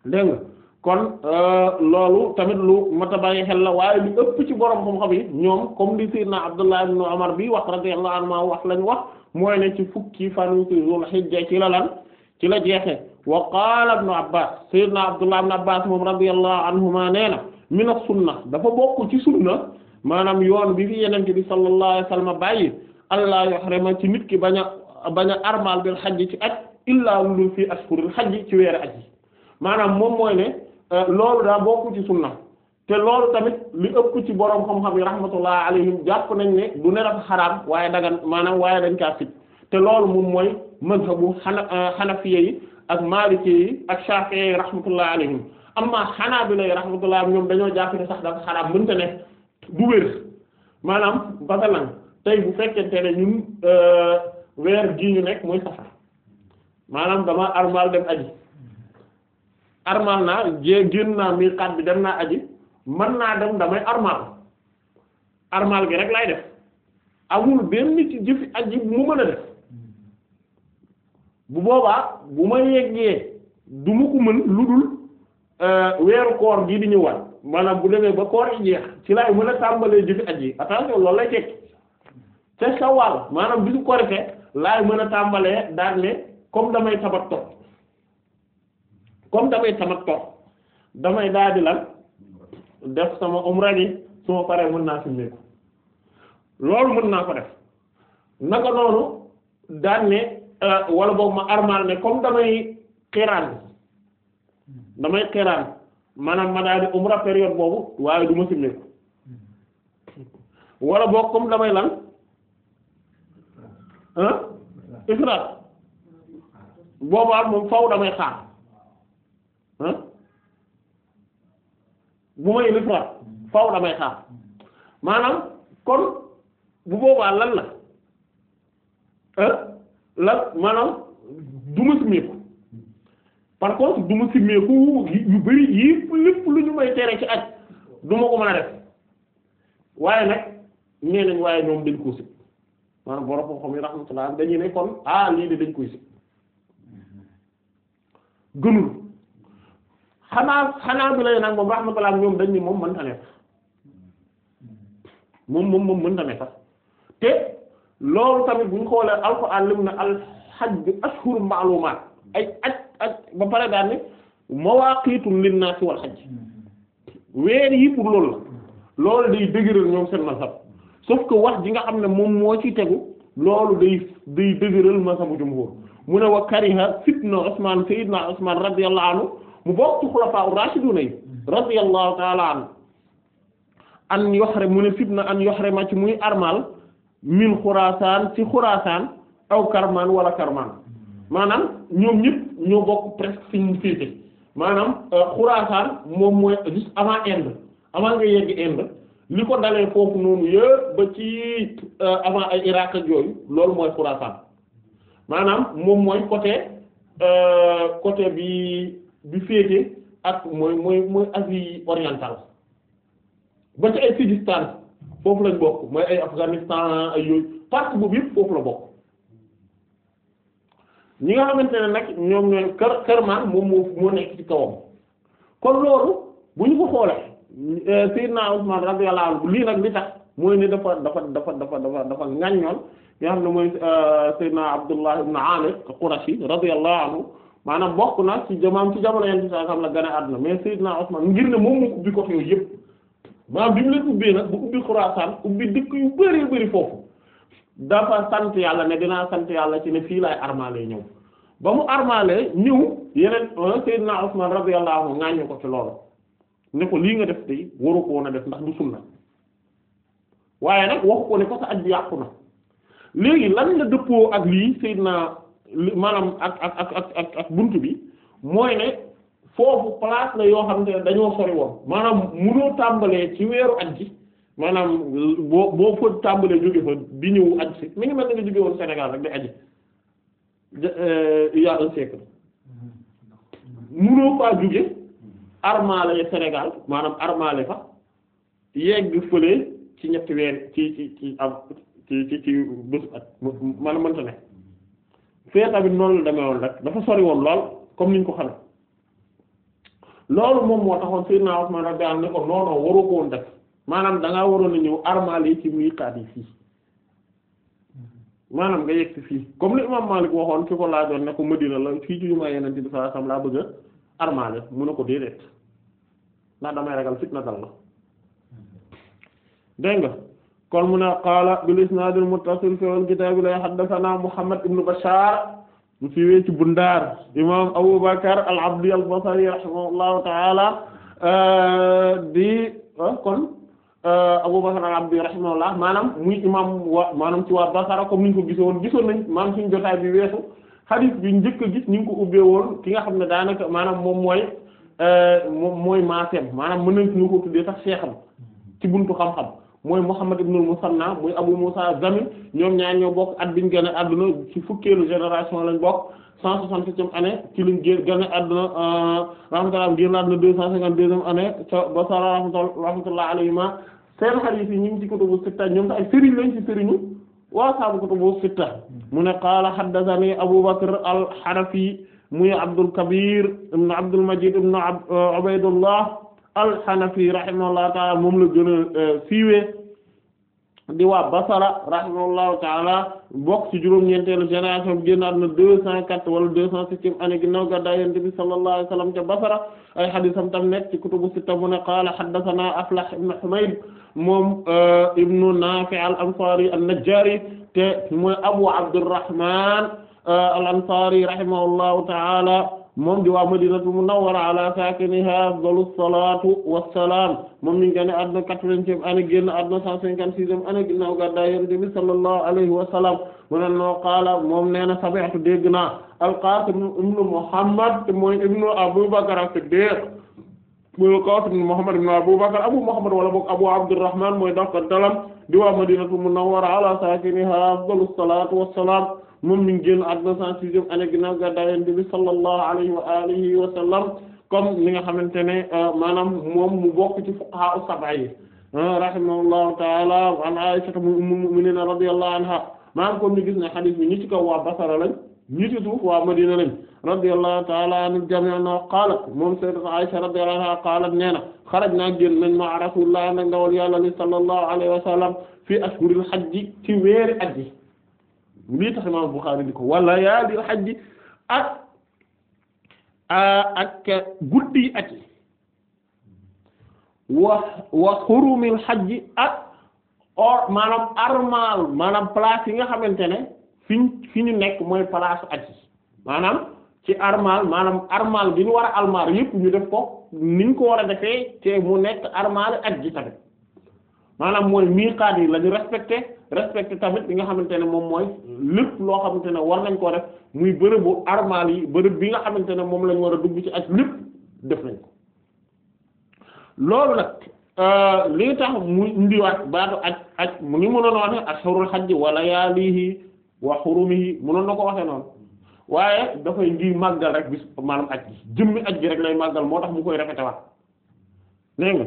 Speaker 2: dégg nga kon euh, loolu tamit lu mat a bàyyi xel la waaye li ëpp ci borom xam-xam yi ñoom comme li Seydina Abdullah ibn Umar bi wax radiyallahu anhu wax lañu wax mooy ne ci fukki fanu ci Zul Hijja ci la lan ci la jeexe wa qaala ibn Abbas Seydina Abdullah ibn Abbas moom radiyallahu anhuma nee na min as-sunna dafa bokk ci sunna maanaam yoon bi fi yenente bi sallallahu alayhi wasallam bàyyi allah yuhrima ci nit ki bañ a bañ a armal bil ci aj illaa lu fii ashhuril hajj ci weere aj yi maanaam moom mooy ne euh, loolu daa bokku ci sunna te loolu tamit li ëpp ci borom xam-xam yi rahmatullah alayhim jàpp nañ ne du ne dafa xaraam waaye dagan maanaam waaye dañ kaa sit te loolu moom mooy mazhabu xana xanafiye euh, yi ak maliki yi am shafi'i yi rahmatullah alayhim amma xanaabila yi rahmatullah ñoom dañoo jàpp ne sax dafa xaraam mënta ne du wér maanaam basalan tey bu fekkente ne ñun euh, weer gii ñu nekk mooy safar maanaam dama armal dem aji armal naa jé génn naa miqaat bi dem naa aji man naa dem damay armal armal gi rek lay def amul benn ci jëfi aji bu mu mën a def bu boobaa bu ma yeggee du ma ko mën lu dul euh, weeru koor gii di ñëwaat maanaam bu demee ba koor yi ci laay mën a tàmbalee jëfi aji attention loolu lay tekki ca Shawwal maanaam bisu korite laay mën a tàmbalee daan ne comme damay tabat topp comme damay tamattu damay daal di lan def sama umra gi su ma paree mën naa simmeeku loolu mën naa ko def naka noonu daan ne euh, wala boog ma armal ne comme damay xiraan damay xiraan maanaam ma daal umra période boobu waaye du ma simmeeku wala boog comme damay lan ah ifraat boobaa moom faw damay xaar bu may ifraat faaw damay xaar maanaam kon bu boobaa lan la lan maanaam du ma simmeeku par contre du ma simmeeku yu bari yépp lépp lu ñu may tere ci aj du ko mën a def waaye nag nee nañ waaye ñoom dañ koo sib maanaam borom xam ne rahmatullah dañuy ne kon ah lii de dañ koy sib gënul xanaa xanaa bi lay nag moom rahmatullah ñoom dañ ni moom mënta ne moom moom moom mënta ne sax te loolu tamit bu ñu xoolee alxuraan lim na alxajj ashhur ma'lumaat ay aj aj ba pare daan ne mawaaqiitu linnaasi wal xajj weer yi pour loolu loolu day dëgëral ñoom seen mazhab sauf que nga xam ne moom moo ci tegu loolu day day dëgëral mazhabu jumhur mu ne wa kariha fitna Usmaan sayyidna Usmaan radiyallahu anhu mu bokk ci xulafaa raashiduna yi radiyallahu ta'ala anhu an yoxre mu ne sib na an yoxre ma ci muy armal min xuraasaan ci xuraasaan aw karmaan wala karmaan maanaam ñoom ñëpp ñoo bokk presque fi ñu féete maanaam euh, xuraasaan moom mooy juste avant Inde avant nga yegg Inde li ko dalee foofu noonu yëpp ba ci euh, avant ay Irak ak loolu mooy xuraasaan maanaam moom mooy côté euh, côté bi bi féete ak mooy mooy mooy Asie orientale ba ci ay Sidistan foofu lañ bokk mooy ay Afghanistan ay yooyu partie boobu yëpp foofu la bokk ñi nga xamante ne nag ñoom ñooy kër Kerman moom moo moo nekk ci kawam kon loolu bu ñu ko xoolee euh, Seydina Usman radiyallahu anhu lii nag li tax mooy ne dafa dafa dafa dafa dafa dafa ngaññoon nga xam ne mooy euh, Seydina Abdullah ibn Amir Qurashi radiyallahu anhu maanaam bokk na ci jamaam ci jamono yenn saa xam la gën a àdduna mais naa Usmaan ngir ne moom moo ubbi côté yooyu yëpp maanaam bi mu leen ubbee nag bu ubbi Xuraasaan ubbi dëkk yu bëree bëri foofu dafa sant yàlla ne dinaa sant yàlla ci ne fii laay armalee ñëw ba mu armalee ñëw yeneen euh, Seydina rab yàlla anhu ŋaañu ko ci loolu ne ko lii nga def tey waru ko a def ndax du sunna waaye nag waxu ko ne ko sa aj bi yàqu na léegi lan la dëppoo ak lii Seydina maanaam ak ak ak ak bunt bi mooy ne foofu place la yoo xam ne dañoo sori woon maanaam munoo tàmbalee ci weeru aj gi maanaam boo boo fa tàmbalee jóge fa di ñëw aj si mi ngi mel ne nga jóge woon Sénégal rek di aji euh, il y a un siècle munoo faa jóge armale Sénégal maanaam armale fa yegg fële ci ñetti weer ci ci ci am ci ci ci bés at maanaam mënta ne fee tamit noonu la demee woon rek dafa sori woon lool comme ñu ko xame loolu moom moo taxoon Seydina Usmaan rabbi am ne ko non non waroo ko woon def maanaam da waroon a ñëw armal yi ci miqaat yi fii maanaam nga yegg si fii comme li imam Malik waxoon ki ko laajoon ne ko Madina la fii ci jumaa Yonent bi sallallahu alayhi wasallam laa bëgg a mu ne ko déedéet ndax damay ragal fitna dal la dégg kon mu ne qaala bil isnaadil muttasil fil kitaabi la haddathana Muhammad ibn Bashar bu siiwee ci Bundaar imaam Abu Bakr al-Abdi al-Basri rahimahullahu ta'ala di ah, kon ah, Abu Bakr al-Abdi rahimahullah maanaam muy imaam wa maanaam ci waa Basra comme ni ñu ko gisoon gisoon nañ maanaam suñu jotaay bi weesu hadith bi njëkk a gis ñu ngi ko ubbee woon ki nga xam ne daanaka maanaam moom mooy ah, moom mooy maaseem maanaam mën nañ ñu ko tuddee tax seexam ci buntu xam-xam. mooy Muhammad ibnul Musanna muy Abu Musa Zamin ñoom ñaar ñoo bokk at biñ gën a àdduna ci fukkeelu génération lañ bokk cent soixante-septième année ci liñ gën gën a àdduna euh, rahmatullah gén na àdduna deux cent cinquante-deuxième année ba sara ñu ci kutubu sitta ñoom ay sëriñ lañ ci sëriñu waa saabu kutubu sitta mu ne qaala haddathani Abu Bakr al-Hanafi muy Abdul Kabir ibn Abdul Majid ibn Ubaydullah al-Hanafi rahimahullahu taala moom la gën a euh, siiwee di waa Basara rahimahullahu taala bokk ci juróom-ñeenteelu génération bi génnaat na deux cent quatre wala deux cent septième année ginnaaw gàddaay Yonent bi sallallahu alayhi wa sallam ca Basara ay hadiisam tam nekk ci kutubu sitta mu ne qaala haddathanaa Aflah ibn Humayd moom euh, ibnu Naafi' al-Ansaari an-Najjaari te mooy Abu Abdurrahmaan euh, al-Ansaari rahimahullahu taala moom di waa Madinatu Munawwara ala saakinihaa afdalu salaatu wassalaam moom mi ngi génn àdduna quatre-vingtième année génn àdduna cent cinquante-sixième année ginnaaw gàddaay Yonent bi sallallahu alayhi wa sallam mu ne noo qaala moom nee na sami'tu dégg naa al-Qaasim ibnu Muhammad mooy ibnu Abu Bakr as-Siddiq mooy Qaasim ibnu Muhammad ibnu Abu Bakr Abu Muhammad wala boog Abu Abdurrahman mooy daf ka dalam di waa Madinatu Munawwara ala saakinihaa afdalu salaatu wassalaam moom mi ngi génn àdduna cent sixième année ginnaaw gàddaay Yonent bi sallallahu alayhi wa alihi wa sallam comme li nga xamante ne euh, maanaam moom mu bokk ci fuqaha as-sab'a yi euh, rahimahullahu ta'ala an Aisha ummul mu'minin radiyallahu anha maanaam comme ni gis ne hadith bi ñi ci kaw waa Basra lañ ñi ci suuf waa Madina lañ radiyallahu ta'ala anil jami' qalat moom sayyidat Aisha radiyallahu anha qalat nee na xarajna génn nañ ma rasulullah nag ndawal yàlla ni sallallahu alayhi wa sallam fii ashhuril hajj ci weeri at yi lii tax imaam Buxaari di ko wala yaalil xajji ak ak guddi yi aji wa wa xurumil xajji ak or maanaam armal maanaam place yi nga xamante ne fi ñu fi ñu nekk mooy place aji maanaam ci armal maanaam armal bi ñu war a armal yëpp ñu def ko niñ ko war a defee te mu nekk armal aji tamit maanaam mooy miiqaat yi la ñu respecté tamit bi nga xamante ne moom mooy lépp loo xamante ne war nañ koo def muy bërëbu armal yi bërëb bi nga xamante ne moom lañ war a dugg ci ak lépp def nañ loolu nag euh, li tax mu ndiwaat baatu aj aj mu ngi mënoon wax ne ashurul hajj wa layalihi wa hurumihi ko waxee noonu waaye dafay ngi màggal rek bis maanaam aj gi jëmmi aj gi rek lay màggal moo tax mu koy rafete wax dégg nga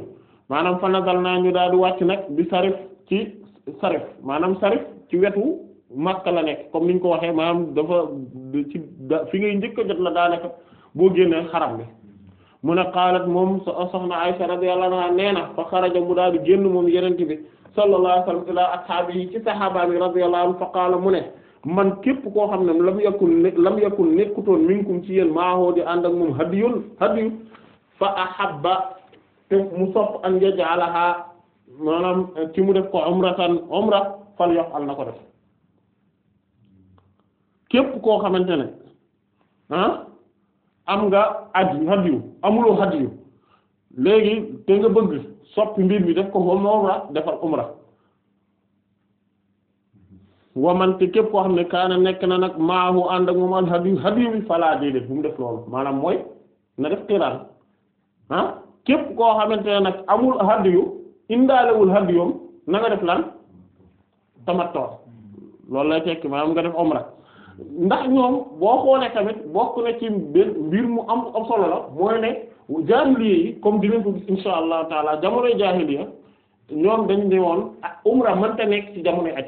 Speaker 2: maanaam fa naa ñu daal di wàcc nag bi sarif ci sarif maanaam sarif ci wetu Makka la nekk comme ni ñu ko waxee maanaam dafa ci fi ngay njëkk a jot la daanaka boo génnee xaram bi mu ne qaalat moom soxna Aysa radiyallahu anha nee na fa xaraja mu daal di génn moom yenente bi sallallahu alayhi wa sallam ila ashaabihi ci sahaaba bi radiyallahu anhu fa qaala mu ne man képp koo xam ne mu yakun lam yakun nekkutoon ko ci yéen maahoo di ànd ak moom hadiyun hadiyu fa ahabba te mu sopp an yaj'alaha maanaam ci eh, mu def ko umratan umra fal yafal na ko def képp koo xamante ne ah am nga aj hadiyu amuloo hadiyu léegi te nga bëgg soppi mbir bi def ko umra defal umra wamante képp koo xam ne kaana nekk na nag maahu ànd ak moom al hadiyu hadiyu bi falaa déedéet mu def loolu maanaam mooy na def xiraan ah képp koo xamante ne nag amul hadiyu indaalewul hadiyoom na nga def lan tamattu loolu lay tekki maanaam nga def umra ndax ñoom boo xoolee tamit bokk na ci benn mbir mu am am solo la mooy ne jaahiliya yi comme dinañ ko gis insha allahu taala jamonoy jaahiliya ñoom dañ ne woon ak ah, umra mënta nekk ci jamonoy aj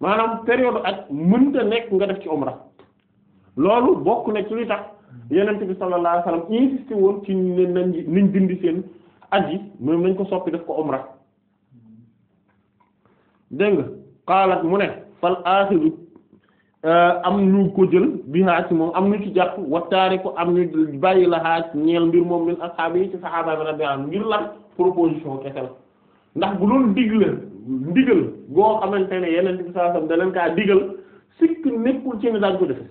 Speaker 2: maanaam période aj mënta nekk nga def ci umra loolu bokk na ci li tax yenent bi sallallahu alayhi wasallam insisté woon ci ne nañ dindi seen aji moom nañ ko soppi def ko umra dégg nga xaalat mu ne fal aaxiru eh, am ñu ko jël bi xaaj ci moom am ñu ci jàpp wattaari ko am ñu bàyyi la xaaj ñeel mbir moom min asxaab yi ci saxaaba bi rabbi am ngir lan proposition kese la ndax bu doon digle ndigal goo xamante ne yeneen bi sallallahu alayhi wasallam kaa digal sikk nekkul ci ne daañ ko defe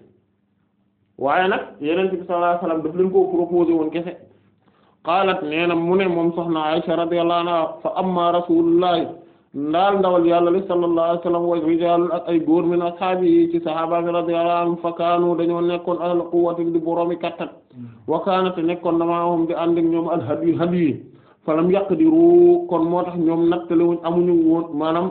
Speaker 2: waaye nag yeneen bi sallallahu daf leen koo proposé woon kese qaalat nee na mu ne moom soxna Aysa radiyallahu anha fa amma rasulullahi ndaal ndawal yàlla li sallallahu alayhi wa wa rijaal ak ay góor min ashaabi ci sahaaba bi fa kaanu dañoo nekkoon ahlu quwwatin di boroomi kattan wa nekkoon na maahum ñoom al hadi hadi falam yaqdiru kon moo tax ñoom nattale amuñu woon maanaam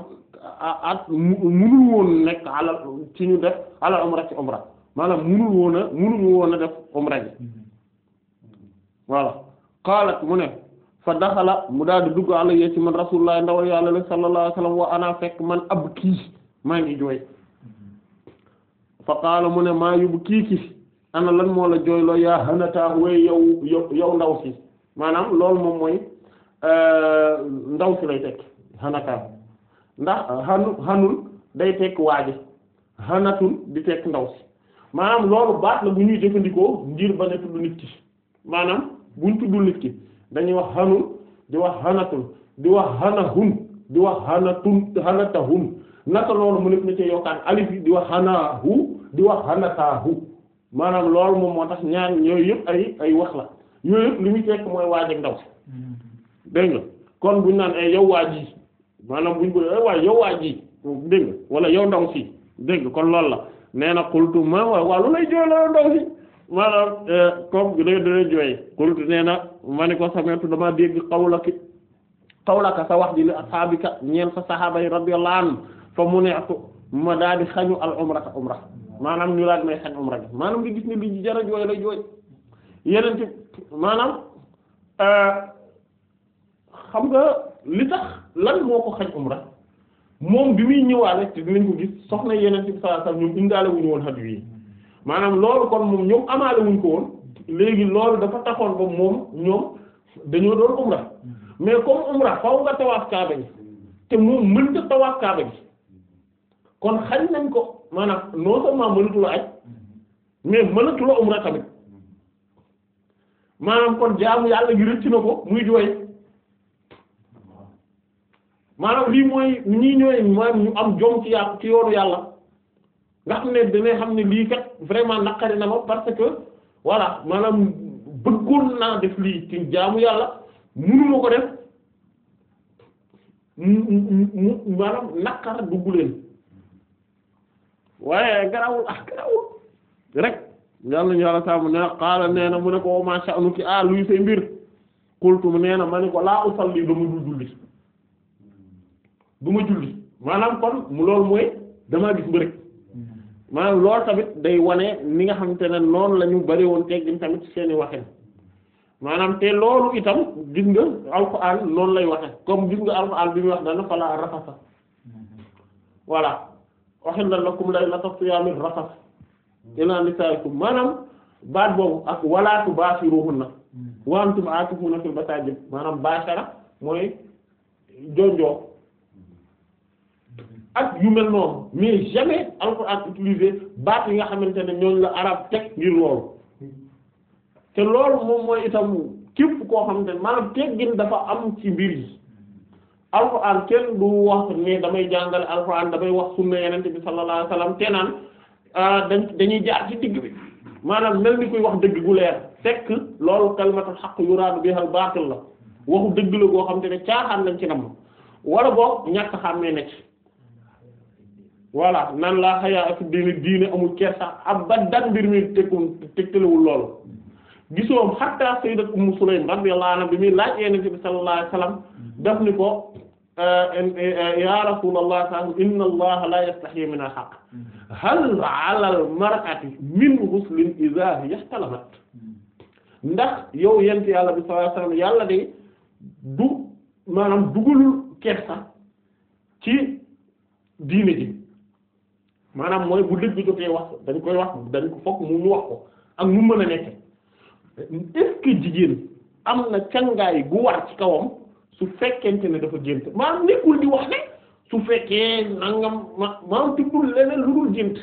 Speaker 2: at munul woon nekk ala ci ñu def ala umra ci umra maanaam munul woon a munul woon def umra ji voilà qaalat mu ne fa daxala mu daal di dugg àla yee ci man yàlla la sallallahu alayhi wasallam wa ana fekk man ab kii maa ngi jooy mu ne maa yóbbu kii ki ana lan moo la jooy loo yaa xanataa wooy yow yow ndaw si maanaam loolu moom mooy euh, ndaw si lay tekk xanataa ndax xanul day tekk waaji xanatul di tekk ndaw si maanaam loolu baat la bu ñuy jëfandikoo ngir ba ne tudd nit ki maanaam buñ tuddul nit ki dañuy wax xanul di wax xanatul di wax xanahun di wax xanatun xanatahun naka loolu mu nekk na ci yokkaan alif yi di wax xanahu di wax xanataahu maanaam loolu moom moo tax ñaan yooyu yëpp ay ay wax la yooyu yëpp li muy fekk mooy waaj ndaw dégg kon buñ naan ay eh, yow waa ji maanaam buñ ko eh, waaye yow waa yi dégg nga wala yow ndaw si dégg kon loolu la nee na xultu ma waaw waaw lu lay jooy la ndaw si maanaam comme da dana jooy kultu nee na ma ni ko sametu dama dégg xawlaki sa wax ji li ashaabika ñeel sa sahaaba yi radiyallahu anhu fa mu netu ma daal di xañu al umrata umra maanaam ñu laaj may xañ umra maanaam nga gis ne li jara jooy la jooy yeneen ci euh, xam nga li tax lan moo ko xañ umra moom bi muy ñëwaale te dinañ ko gis soxna yeneen ci sallallahu alayhi wasallam ñoom indaale wuñu woon xat yi maanaam loolu kon moom ñoom amaale wuñ ko woon léegi loolu dafa taxoon ba moom ñoom dañoo doon umra mais comme umra faaw nga tawaaf kaaba gi te moom mënta tawaaf kaaba gi kon xañ nañ ko maanaam non seulement mënatula aj mais mënatula maanaam kon jaamu yàlla gi rëcc na ko muy jooy maanaam lii mooy ñii ñooy maanaam ñu am jom ci yàqu ci yoonu yàlla nga xam ne dina xam ne lii kat vraiment naqari na ma parce que voilà maanaam bëggoon naa def lii ci jaamu yàlla mënuma ko def mu maanaam naqar dugg leen waaye garawul ah garawul rek yàlla ñu yàlla ne xaala nee na mu ne ko ma sha'nuki ah luy say mbir kultum nee na ma ne ko laa usalli julli du julli maanaam kon mu loolu mooy damaa gis mbërëg maanaam loolu tamit day wane ni nga xamante ne noonu la ñu bari woon teggin tamit seeni waxin maanaam te loolu itam digg nga alxuraan noonu lay waxe comme gis nga alxuraan bi muy wax dana fala rafasa voilà waxin la lakum laylata siyaamir rafas ilaa nisaa'ikum maanaam baat boobu ak yi walaa tubaashiruhunna wa antum aakifuuna fil masaajid maanaam baashara mooy jonjoo ak yu mel noonu mais jamais alxuraan utilisé baat yi nga xamante ne ñooñu la arab teg ngir loolu te loolu moom mooy itam képp koo xamante ne maanaam teggin dafa am ci mbir yi alxuraan kenn du wax ne damay jàngale alxuraan damay wax sunna yeneen bi sallallahu alayhi wasallam te naan ah, dañ dañuy jaar ci digg bi maanaam mel ni kuy wax dëgg gu leer fekk loolu kalimatul xaq yuraadu bihal baatil la waxu dëgg la goo xamante ne caaxaan lañ ci nam wala boo ñàkk xàmmee voilà nan laa xayaa ak diine amul kersa abadan mbir mi tegum tegtalewul loolu gisoom xatta sayyidat ummu sulaym radiyallahu anha bi muy laaj yonent bi sallallahu alayhi daf ni ko eh, eh, eh, ya rasulullah sallallahu inna allaha la yastahi min al hal ala al min ghuslin idha yahtalamat ndax yow yonent yàlla bi sallallahu yàlla de du maanaam dugalul kersa ci diine ji maanaam mooy bu dëgg jotee wax dañ koy wax dañ ko fokk mu ñu wax ko ak mu mën a nekk est jigéen am na cangaay gu war ci kawam su fekkente ne dafa gént maanaam nekkul di wax fekkee nangam ma maanaam tuddul leneen lu dul gént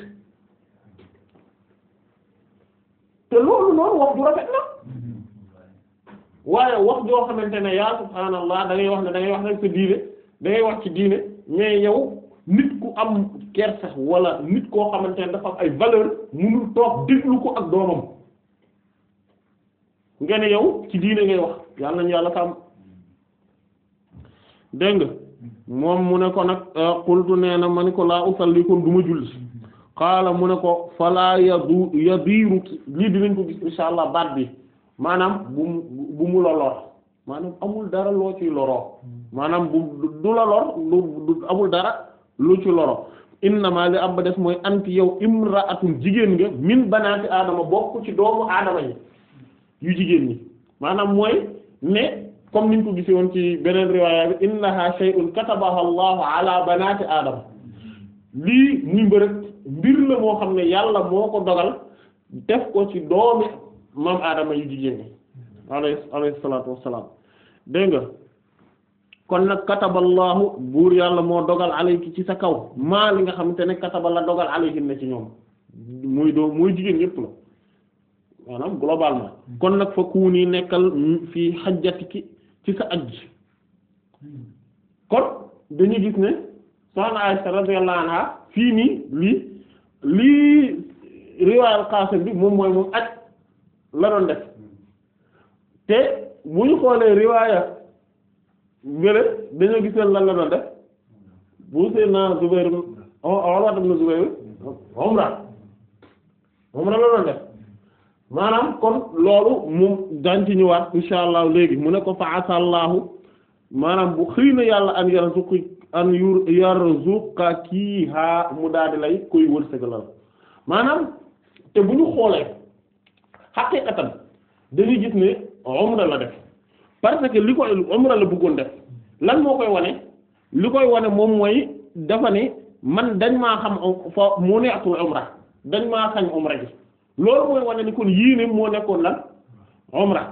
Speaker 2: te loolu noonu wax du rafet na waaye wax joo xamante ne yaa subhaanallah da ngay wax ne da wax rek sa diine da wax ci diine mais yow nit ku am kersa wala nit koo xamante ne dafa ay valeur munul toog déglu ko ak doomam nga yow ci diine ngay wax yàlla nañ yàlla sàmm dégg nga moom mu ne ko nag euh, qultu nee na ma ni ko laa usalli kon du ma julli xaala mu ne ko falaa yadu yadiiru lii dinañ ko gis insha allah baat bi maanaam bu mu bu mu la lor maanaam amul dara loo ciy loroo maanaam bu du la lor du amul dara lu ci loro innama li am ba des mooy ant yow imra'atun jigéen nga min banaati aadama bokk ci doomu aadama yi yu jigéen ñi maanaam mooy ne comme niñ ko gisee woon ci beneen riwaaya bi innaha shay'un katabaha allahu ala banaati aadama lii muy mbërëg mbir la moo xam ne yàlla moo ko dogal def ko ci doomi maam aadama yu jigéen ñi alayhi alayhi salaatu wassalaam dégg nga kon nag kataballahu buur yàlla moo dogal alayki ci sa kaw maa li nga xamante ne katabal dogal alayki na ci ñoom muy doo muy jigéen yépp la maanaam globalement kon nag fa kuuni nekkal fii xajjatiki ci sa gis ne soxna Aysa nii lii lii riwaayal Qaasim bi moom mooy moom aj la doon def te bu xoolee riwaaya gële dañoo gis leen lan la def bu Seydina Zubayr oh, Urwa ibn Zubayr umra umra la doon def maanaam loolu moom daan ci ñëwaat insha allah léegi mu ne ko fa maanaam bu xëy na yàlla an yarzuqi an yarzuqakiha mu daal lay koy wërsëgalal maanaam te bu ñu xoolee xaqiqatan dañuy gis ne umra la def parce que li ko umra la bëggoon def lan moo koy wane li koy wane moom mooy dafa ne man dañ maa xam um, fa mu ne atul umra dañ maa xañ umra ji loolu mooy wane ni kon yéene moo nekkoon lan umra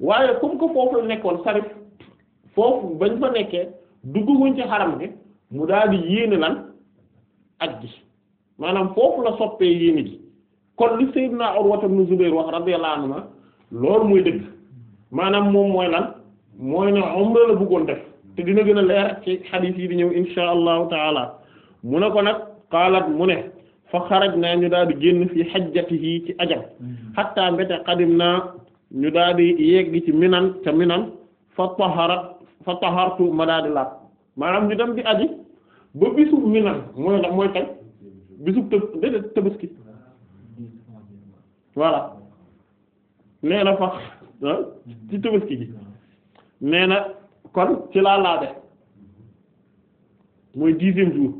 Speaker 2: waaye comme que foofu la nekkoon sarif foofu bañ fa nekkee dugguwuñ ci xaram bi mu daal di yéene lan ak gi maanaam foofu la soppee yéene gi kon li Sayyidna Urwa ibn Zubayr wax radiyallahu anhu loolu mooy dëgg maanaam moom mooy lan mooy ne umra la bëggoon def te dina gën a leer ci xadiis yi di ñëw insha allahu taala mu ne ko nag xaalaat mu ne fa xaraj naa ñu daal di génn fi xajjatihi ci ajam xatta mm-hmm. mbete xadim naa ñu daal di yegg ci minan ca minan fa taharat fa tahartu ma daal di laab maanaam ñu dem di aji ba bisu minan mooy la mooy tey bisu të déedéet tabaski mm-hmm. voilà nee na fa ah ci tabaski ji nee na kon ci laa laabe mooy dixième jour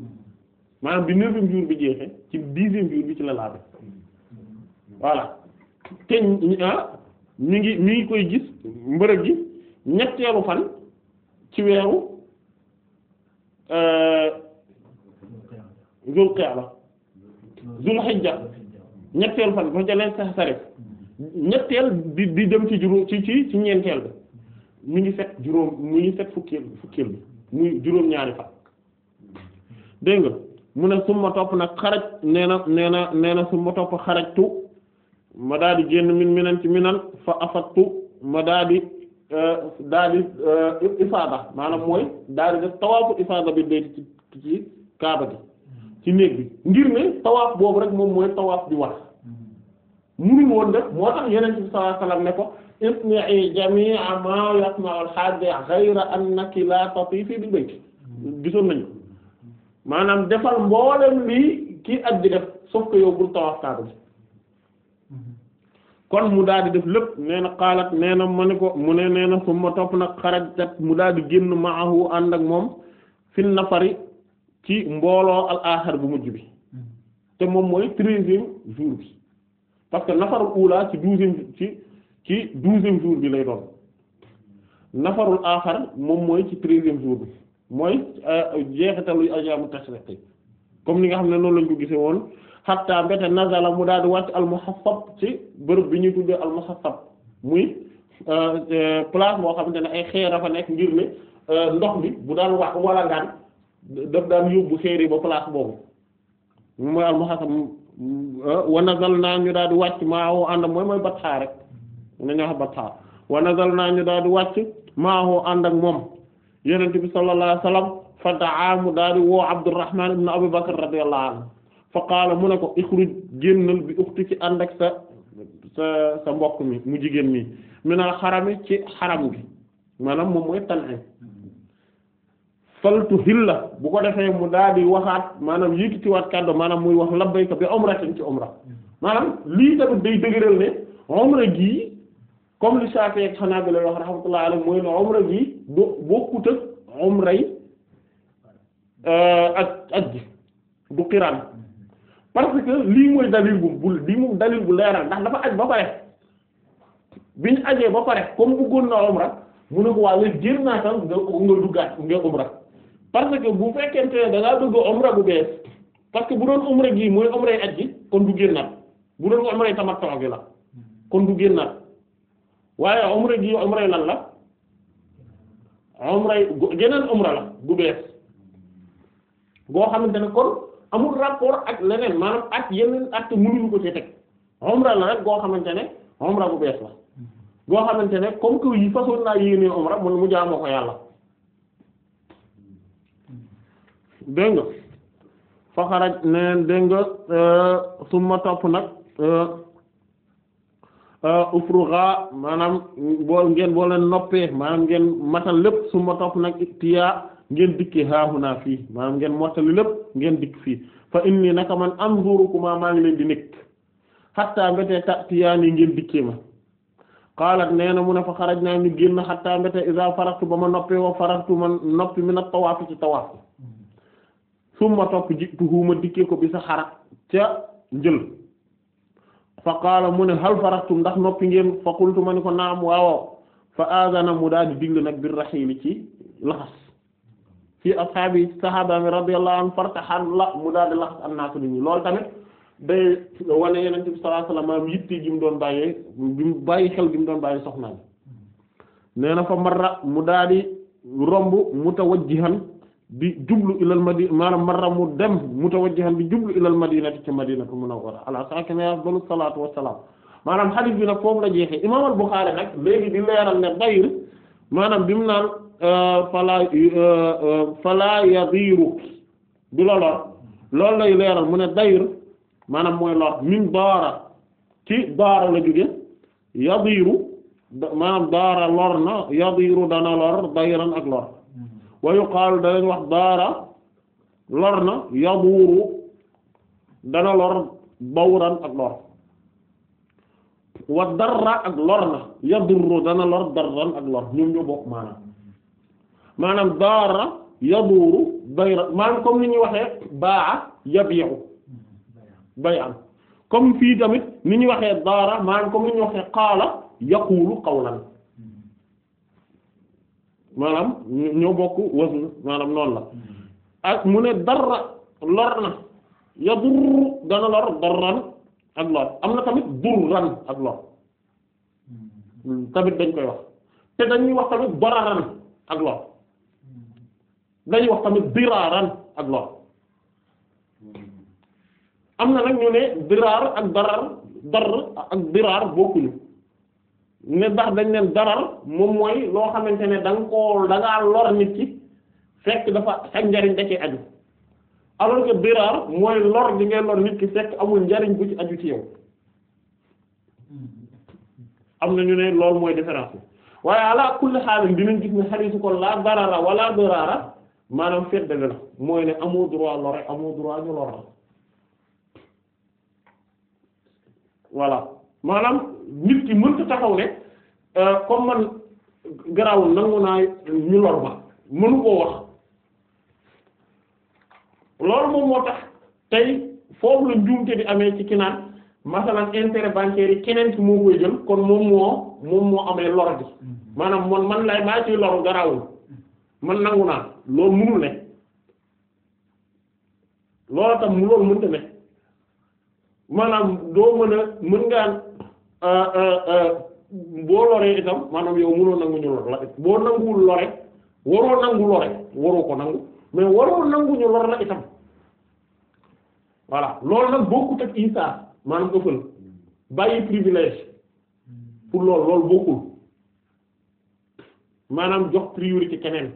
Speaker 2: maanaam bi neuvième jour bi jeexee ci dixième jour bi ci la laabe voilà te ah, mi ngi mi ngi koy gis mbërëg gi ñetteelu fan ci weeru euh, zul xeala zul xijja ñetteelu fan ba ca leen sax sarif ñetteel di di dem ci juróom ci ci ci ñeenteel bi mu ngi set juróom mu ngi set fukkeel fukkeel bi muy juróom-ñaari fan dégg mu ne suma topp nag xaraj nee na nee na nee na suma topp xarajtu ma daa di génn min minan ci minan fa afattu ma daa di euh, daa euh, ifaada maanaam mooy daa di def tawaafu ifaada bi day ci ci kaaba gi ci néeg bi ngir ne tawaaf boobu rek moom mooy tawaaf bi wax mu mënuñu woon nag moo tax yonent bi sallallahu alayhi wasallam ne ko isma'i jami'a ma yasma'u al-hajj ghayra annaki la tatifi bil bayt gisoon nañu maanaam defal mboolem lii kii at di def sauf que yow bul bi kon mu daal def lépp nee na xaalat nee na ma ne ko mu ne nee na su ma topp nag xarajat mu daal di génn maahu ànd ak moom fi nafari ci mbooloo al axar bu mujj bi hmm. te moom mooy treizième jour bi parce que nafaru ula ci douzième ci ci douzième jour bi lay doon nafarul aaxar moom mooy ci treizième jour bi mooy euh, jeexitalu ayyaamu tashriq yi comme ni nga xam ne noonu lañ ko gisee woon xatta mbete nazala mu daal di wàcc almuhassab ci bërëb bi ñuy tuddee almuhassab muy euh, euh, place boo xamante ne ay xeer fa nekk ngir ne ndox bi bu daal wax wala ngaan daf daan yóbbu xeer ba place boobu mooy almuhassab Euh, wa nazal naa ñu daal di wàcc maahu ànd mooy mooy batxaa rek nañu wax batxaa wa nazal naa ñu daal di wàcc maahu ànd ak moom yeneen bi sallallahu alayhi wasallam fa da'aamu daal di woo Abdurrahman ibn Abi Bakr radiyallahu anhu fa qaala mu ne ko ikhruj génnal bi ci ànd ak sa sa sa mbokk mi mu jigéen mi minal xarami ci xaram bi maanaam moom mooy tan'im faltu hilla bu ko defee mu daal di waxaat maanaam yékkatiwaat kàddu maanaam muy wax labbayka bi umratin ci umra maanaam lii tamit day dëgëral ne umra gii comme li Shafi'i ak Hanabila wax rahmatullahi alayhi mooy ne umra gii du bokkut ak umra yi euh, ak ak ji du xiraan parce que lii mooy dalil bu bu lii moom dalil bu leeral ndax dafa aj ba pare biñ ajee ba pare comme bëggoon na umra mu ne ko waa léegi jër naa tam nga nga duggaat nga umra parce que bu fekkente ne da ngaa dugg umra bu bees parce que bu doon umra gi mooy umray at gi kon du génnaat bu doon umray tamattu gi la kon du génnaat waaye umra gi umray la umray bees boo xamante ne kon amul rapport ak leneen maanaam ak yenn at mënuñu ko ci teg umra la rek boo xamante ne umra bu bees la boo xamante ne comme que yi façon naa yéenee umra mun mu jaamoo ko yàlla dégg nga fa xaraj neen dégg nga euh, summa topp nag euh, euh, ufruxa maanaam bool ngeen boo noppee maanaam ngeen matal lépp summa topp nag tiyaa ngeen dikki haahunaa fii maanaam ngeen mottali lépp ngeen dikk fii fa inni naka man anzurukuma maa ngi leen di nekk xattaa mbétee ta tiyaani ngeen dikkee ma xaalat nee na mu ne fa xaraj naa ñu génn xattaa mbétee isa faraxtu ba ma noppee wa faraxtu man noppi mi na tawaaf ci tawaaf summa topp jiktuhu ma dikkee ko bi sa xara ca njël fa qaala mu ne hal faraxtum ndax noppi ngeen fa qultu ma ni ko naam waaw fa aadana mu daal di digle nag bir raxiili ci laxas fii ashaabi sahaaba mi radiyallahu anhu fartaxan la mu daal di laxas an naasu nit ñi loolu tamit day wane yenente bi sallallahu alayhi wasallam doon bàyyee gi mu bàyyi xel gi mu doon bàyyi soxnaa bi fa marra mu daal di romb mutawajjihan bi jublu ilal madina maanaam marra mu dem mutawajjihan bi jublu ilal madinati ci madinatu munawwara ala sakina afdalu salaatu wassalaam maanaam hadith bi nag foofu la jeexee imam al-Bukhari nag léegi di leeral ne dayr maanaam bi mu naan euh, fala euh, euh, fala yadiru du la lor loolu lay leeral mu ne dayr maanaam mooy lor min daara ci daara la jóge yadiru maanaam daara lor na yadiru dana lor dayran ak lor wa yuqaalu danañ wax daara lor na yaduuru dana lor bawran ak lor wa darra ak lor na yadurru dana lor darran ak lor ñoom ñoo bokk maanaam maanaam daara yaduuru bayra maanaam comme ni ñuy waxee baa yabi'u bay'an comme fii tamit ni ñuy waxee daara maanaam kom ni ñuy waxee qaala yaquulu qawlan maanaam ñoo bokk la ak mu ne darra lor na yadur dana lor darran ak lor am na tamit durran ak lor hmm, tamit dañ koy wax te dañuy wax tamit dararan ak lor dañuy wax tamit diraran ak lor am na nag ñu ne diraar ak darar dar ak diraar bokkuñu ne ndax dañ leen darar moom mooy loo xamante ne da nga koo da ngaa lor nit ki fekk dafa sa njariñ da ci aju alors que diraar mooy lor di ngay lor nit ki fekk amul njariñ bu ci aju ci yow am na ñu ne loolu mooy différence bi waaye ala kulli xaalis dinañ gis ne xarisu ko la darara wala diraara maanaam feddale la mooy ne amoo droit lore amoo droit ñu lor la voilà maanaam nit ki mënta taxaw ne euh, comme man garawul nangu naa ñu lor ba mënu koo wax loolu moom moo tax tey foofu la njuumte di amee ci ki naan masalan intérêt keneen ki moo koy jël kon moom moo moom moo amee lor bi maanaam man man lay maa ciy loru garawul man nangu naa loolu mënul ne loolu tam loolu mënta ne maanaam doo mën a mën ngaa Euh, euh, euh, boo loree itam maanaam yow mënoo nangu ñu lor la boo nanguwul lore waroo nangu lore waroo ko nangu mais waroo nangu ñu lor la itam voilà loolu nag bokkut ak isaar maanaam ëppal bàyyi privilège pour loolu loolu bokkul maanaam jox priorité keneen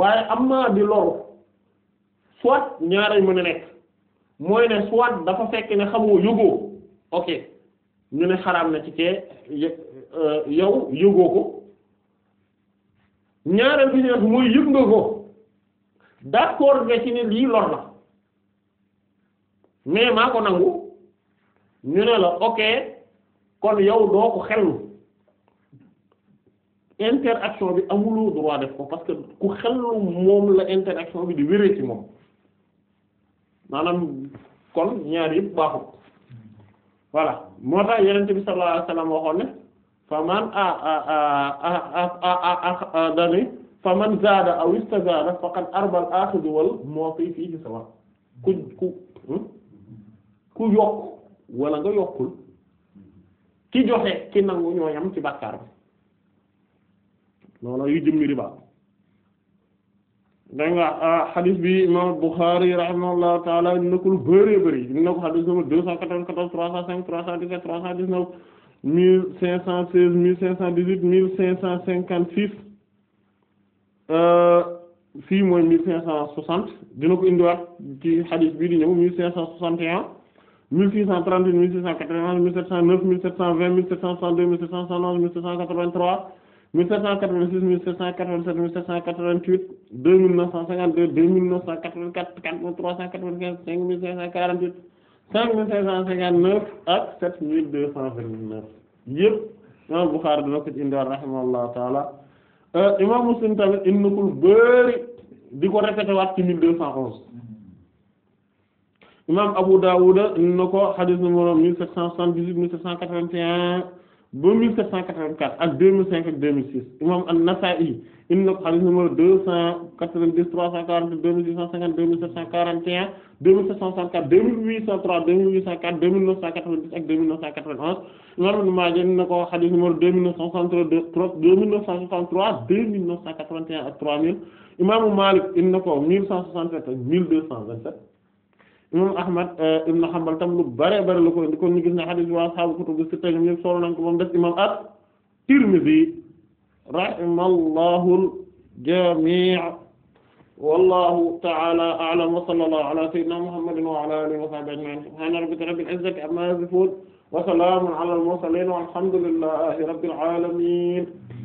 Speaker 2: waaye am naa di loru soit ñaaray mën a nekk mooy ne soit dafa fekk ne xamoo yógoo ok ñu ne xaraam na ci tee euh, yow yëgoo ko ñaareel bi ñu mooy yëg nga ko d'accord nga ci ne lii lor la mais maa ko nangu ñu ne la ok kon yow doo ko xellu interaction bi amuloo droit def ko parce que ku xellu moom la interaction bi di wéree ci moom maanaam kon ñaar yëpp baaxut voilà moo tax yenente bi sallallahu alayhi wasallam waxoon ne faman a a dani faman zaada aw istazaada faqad arbal axidu moo fii fii ci sawa ku ku hmm? ku yokk wala nga yokkul ki joxe ki nangu ñoo yam ci bàkkaar bi loolu yu jëmmi riba dégg nga ah, xadis bi imam Bukhari rahimahullahu taala na ko lu bëree bëri na ko xadis numéro deux cent quatre-vingt-quatorze trois cent cinq trois cent dix-sept trois cent dix-neuf mille cinq cent seize mille cinq cent dix-huit mille cinq cent cinquante-six euh, fii mooy mille cinq cent soixante dina ko indiwaat ci xadis bii di ñëw mille cinq cent soixante et un six cent trente-huit mille six cent quatre-vingt mille sept cent neuf mille sept cent quatre-vingt-trois 1786 1787 1788 2952 2984 4395 5548 5559 ak 7229 yëpp imam Bukhari dina ko ci indi rahimahullahu taala imam Muslim tamit indi ko lu bari di ko répété waat ci
Speaker 1: 1211
Speaker 2: imam Abu Dawud indi na ko hadith ba 1784 ak 2005 ak 2006 imam an-Nasa'i indi na ko xadis numéro 290 340 2650 2741 2764 2803 2804 2990 ak 2991 imam Ibn Maaja indi na ko xadis numéro 2963 2963 2981 ak 3000 imaamu Maalik indi na ko 1167 1227 imam Ahmad euh, ibn Hanbal tam lu bare bare la ko indi kon ñu gis ne hadith wa ashaabu kutubu sitta ñoom ñëpp solo nañ ko moom des imam at-Tirmidhi rahimallahu al-jami' wallahu ta'ala a'lam wa sallallahu ala sayyidina muhammadin wa ala alihi wa sahbihi ajma'in subhana rabbika rabbil izzati amma yasifun wa salamun ala al-mursalin walhamdulillahi rabbil alamin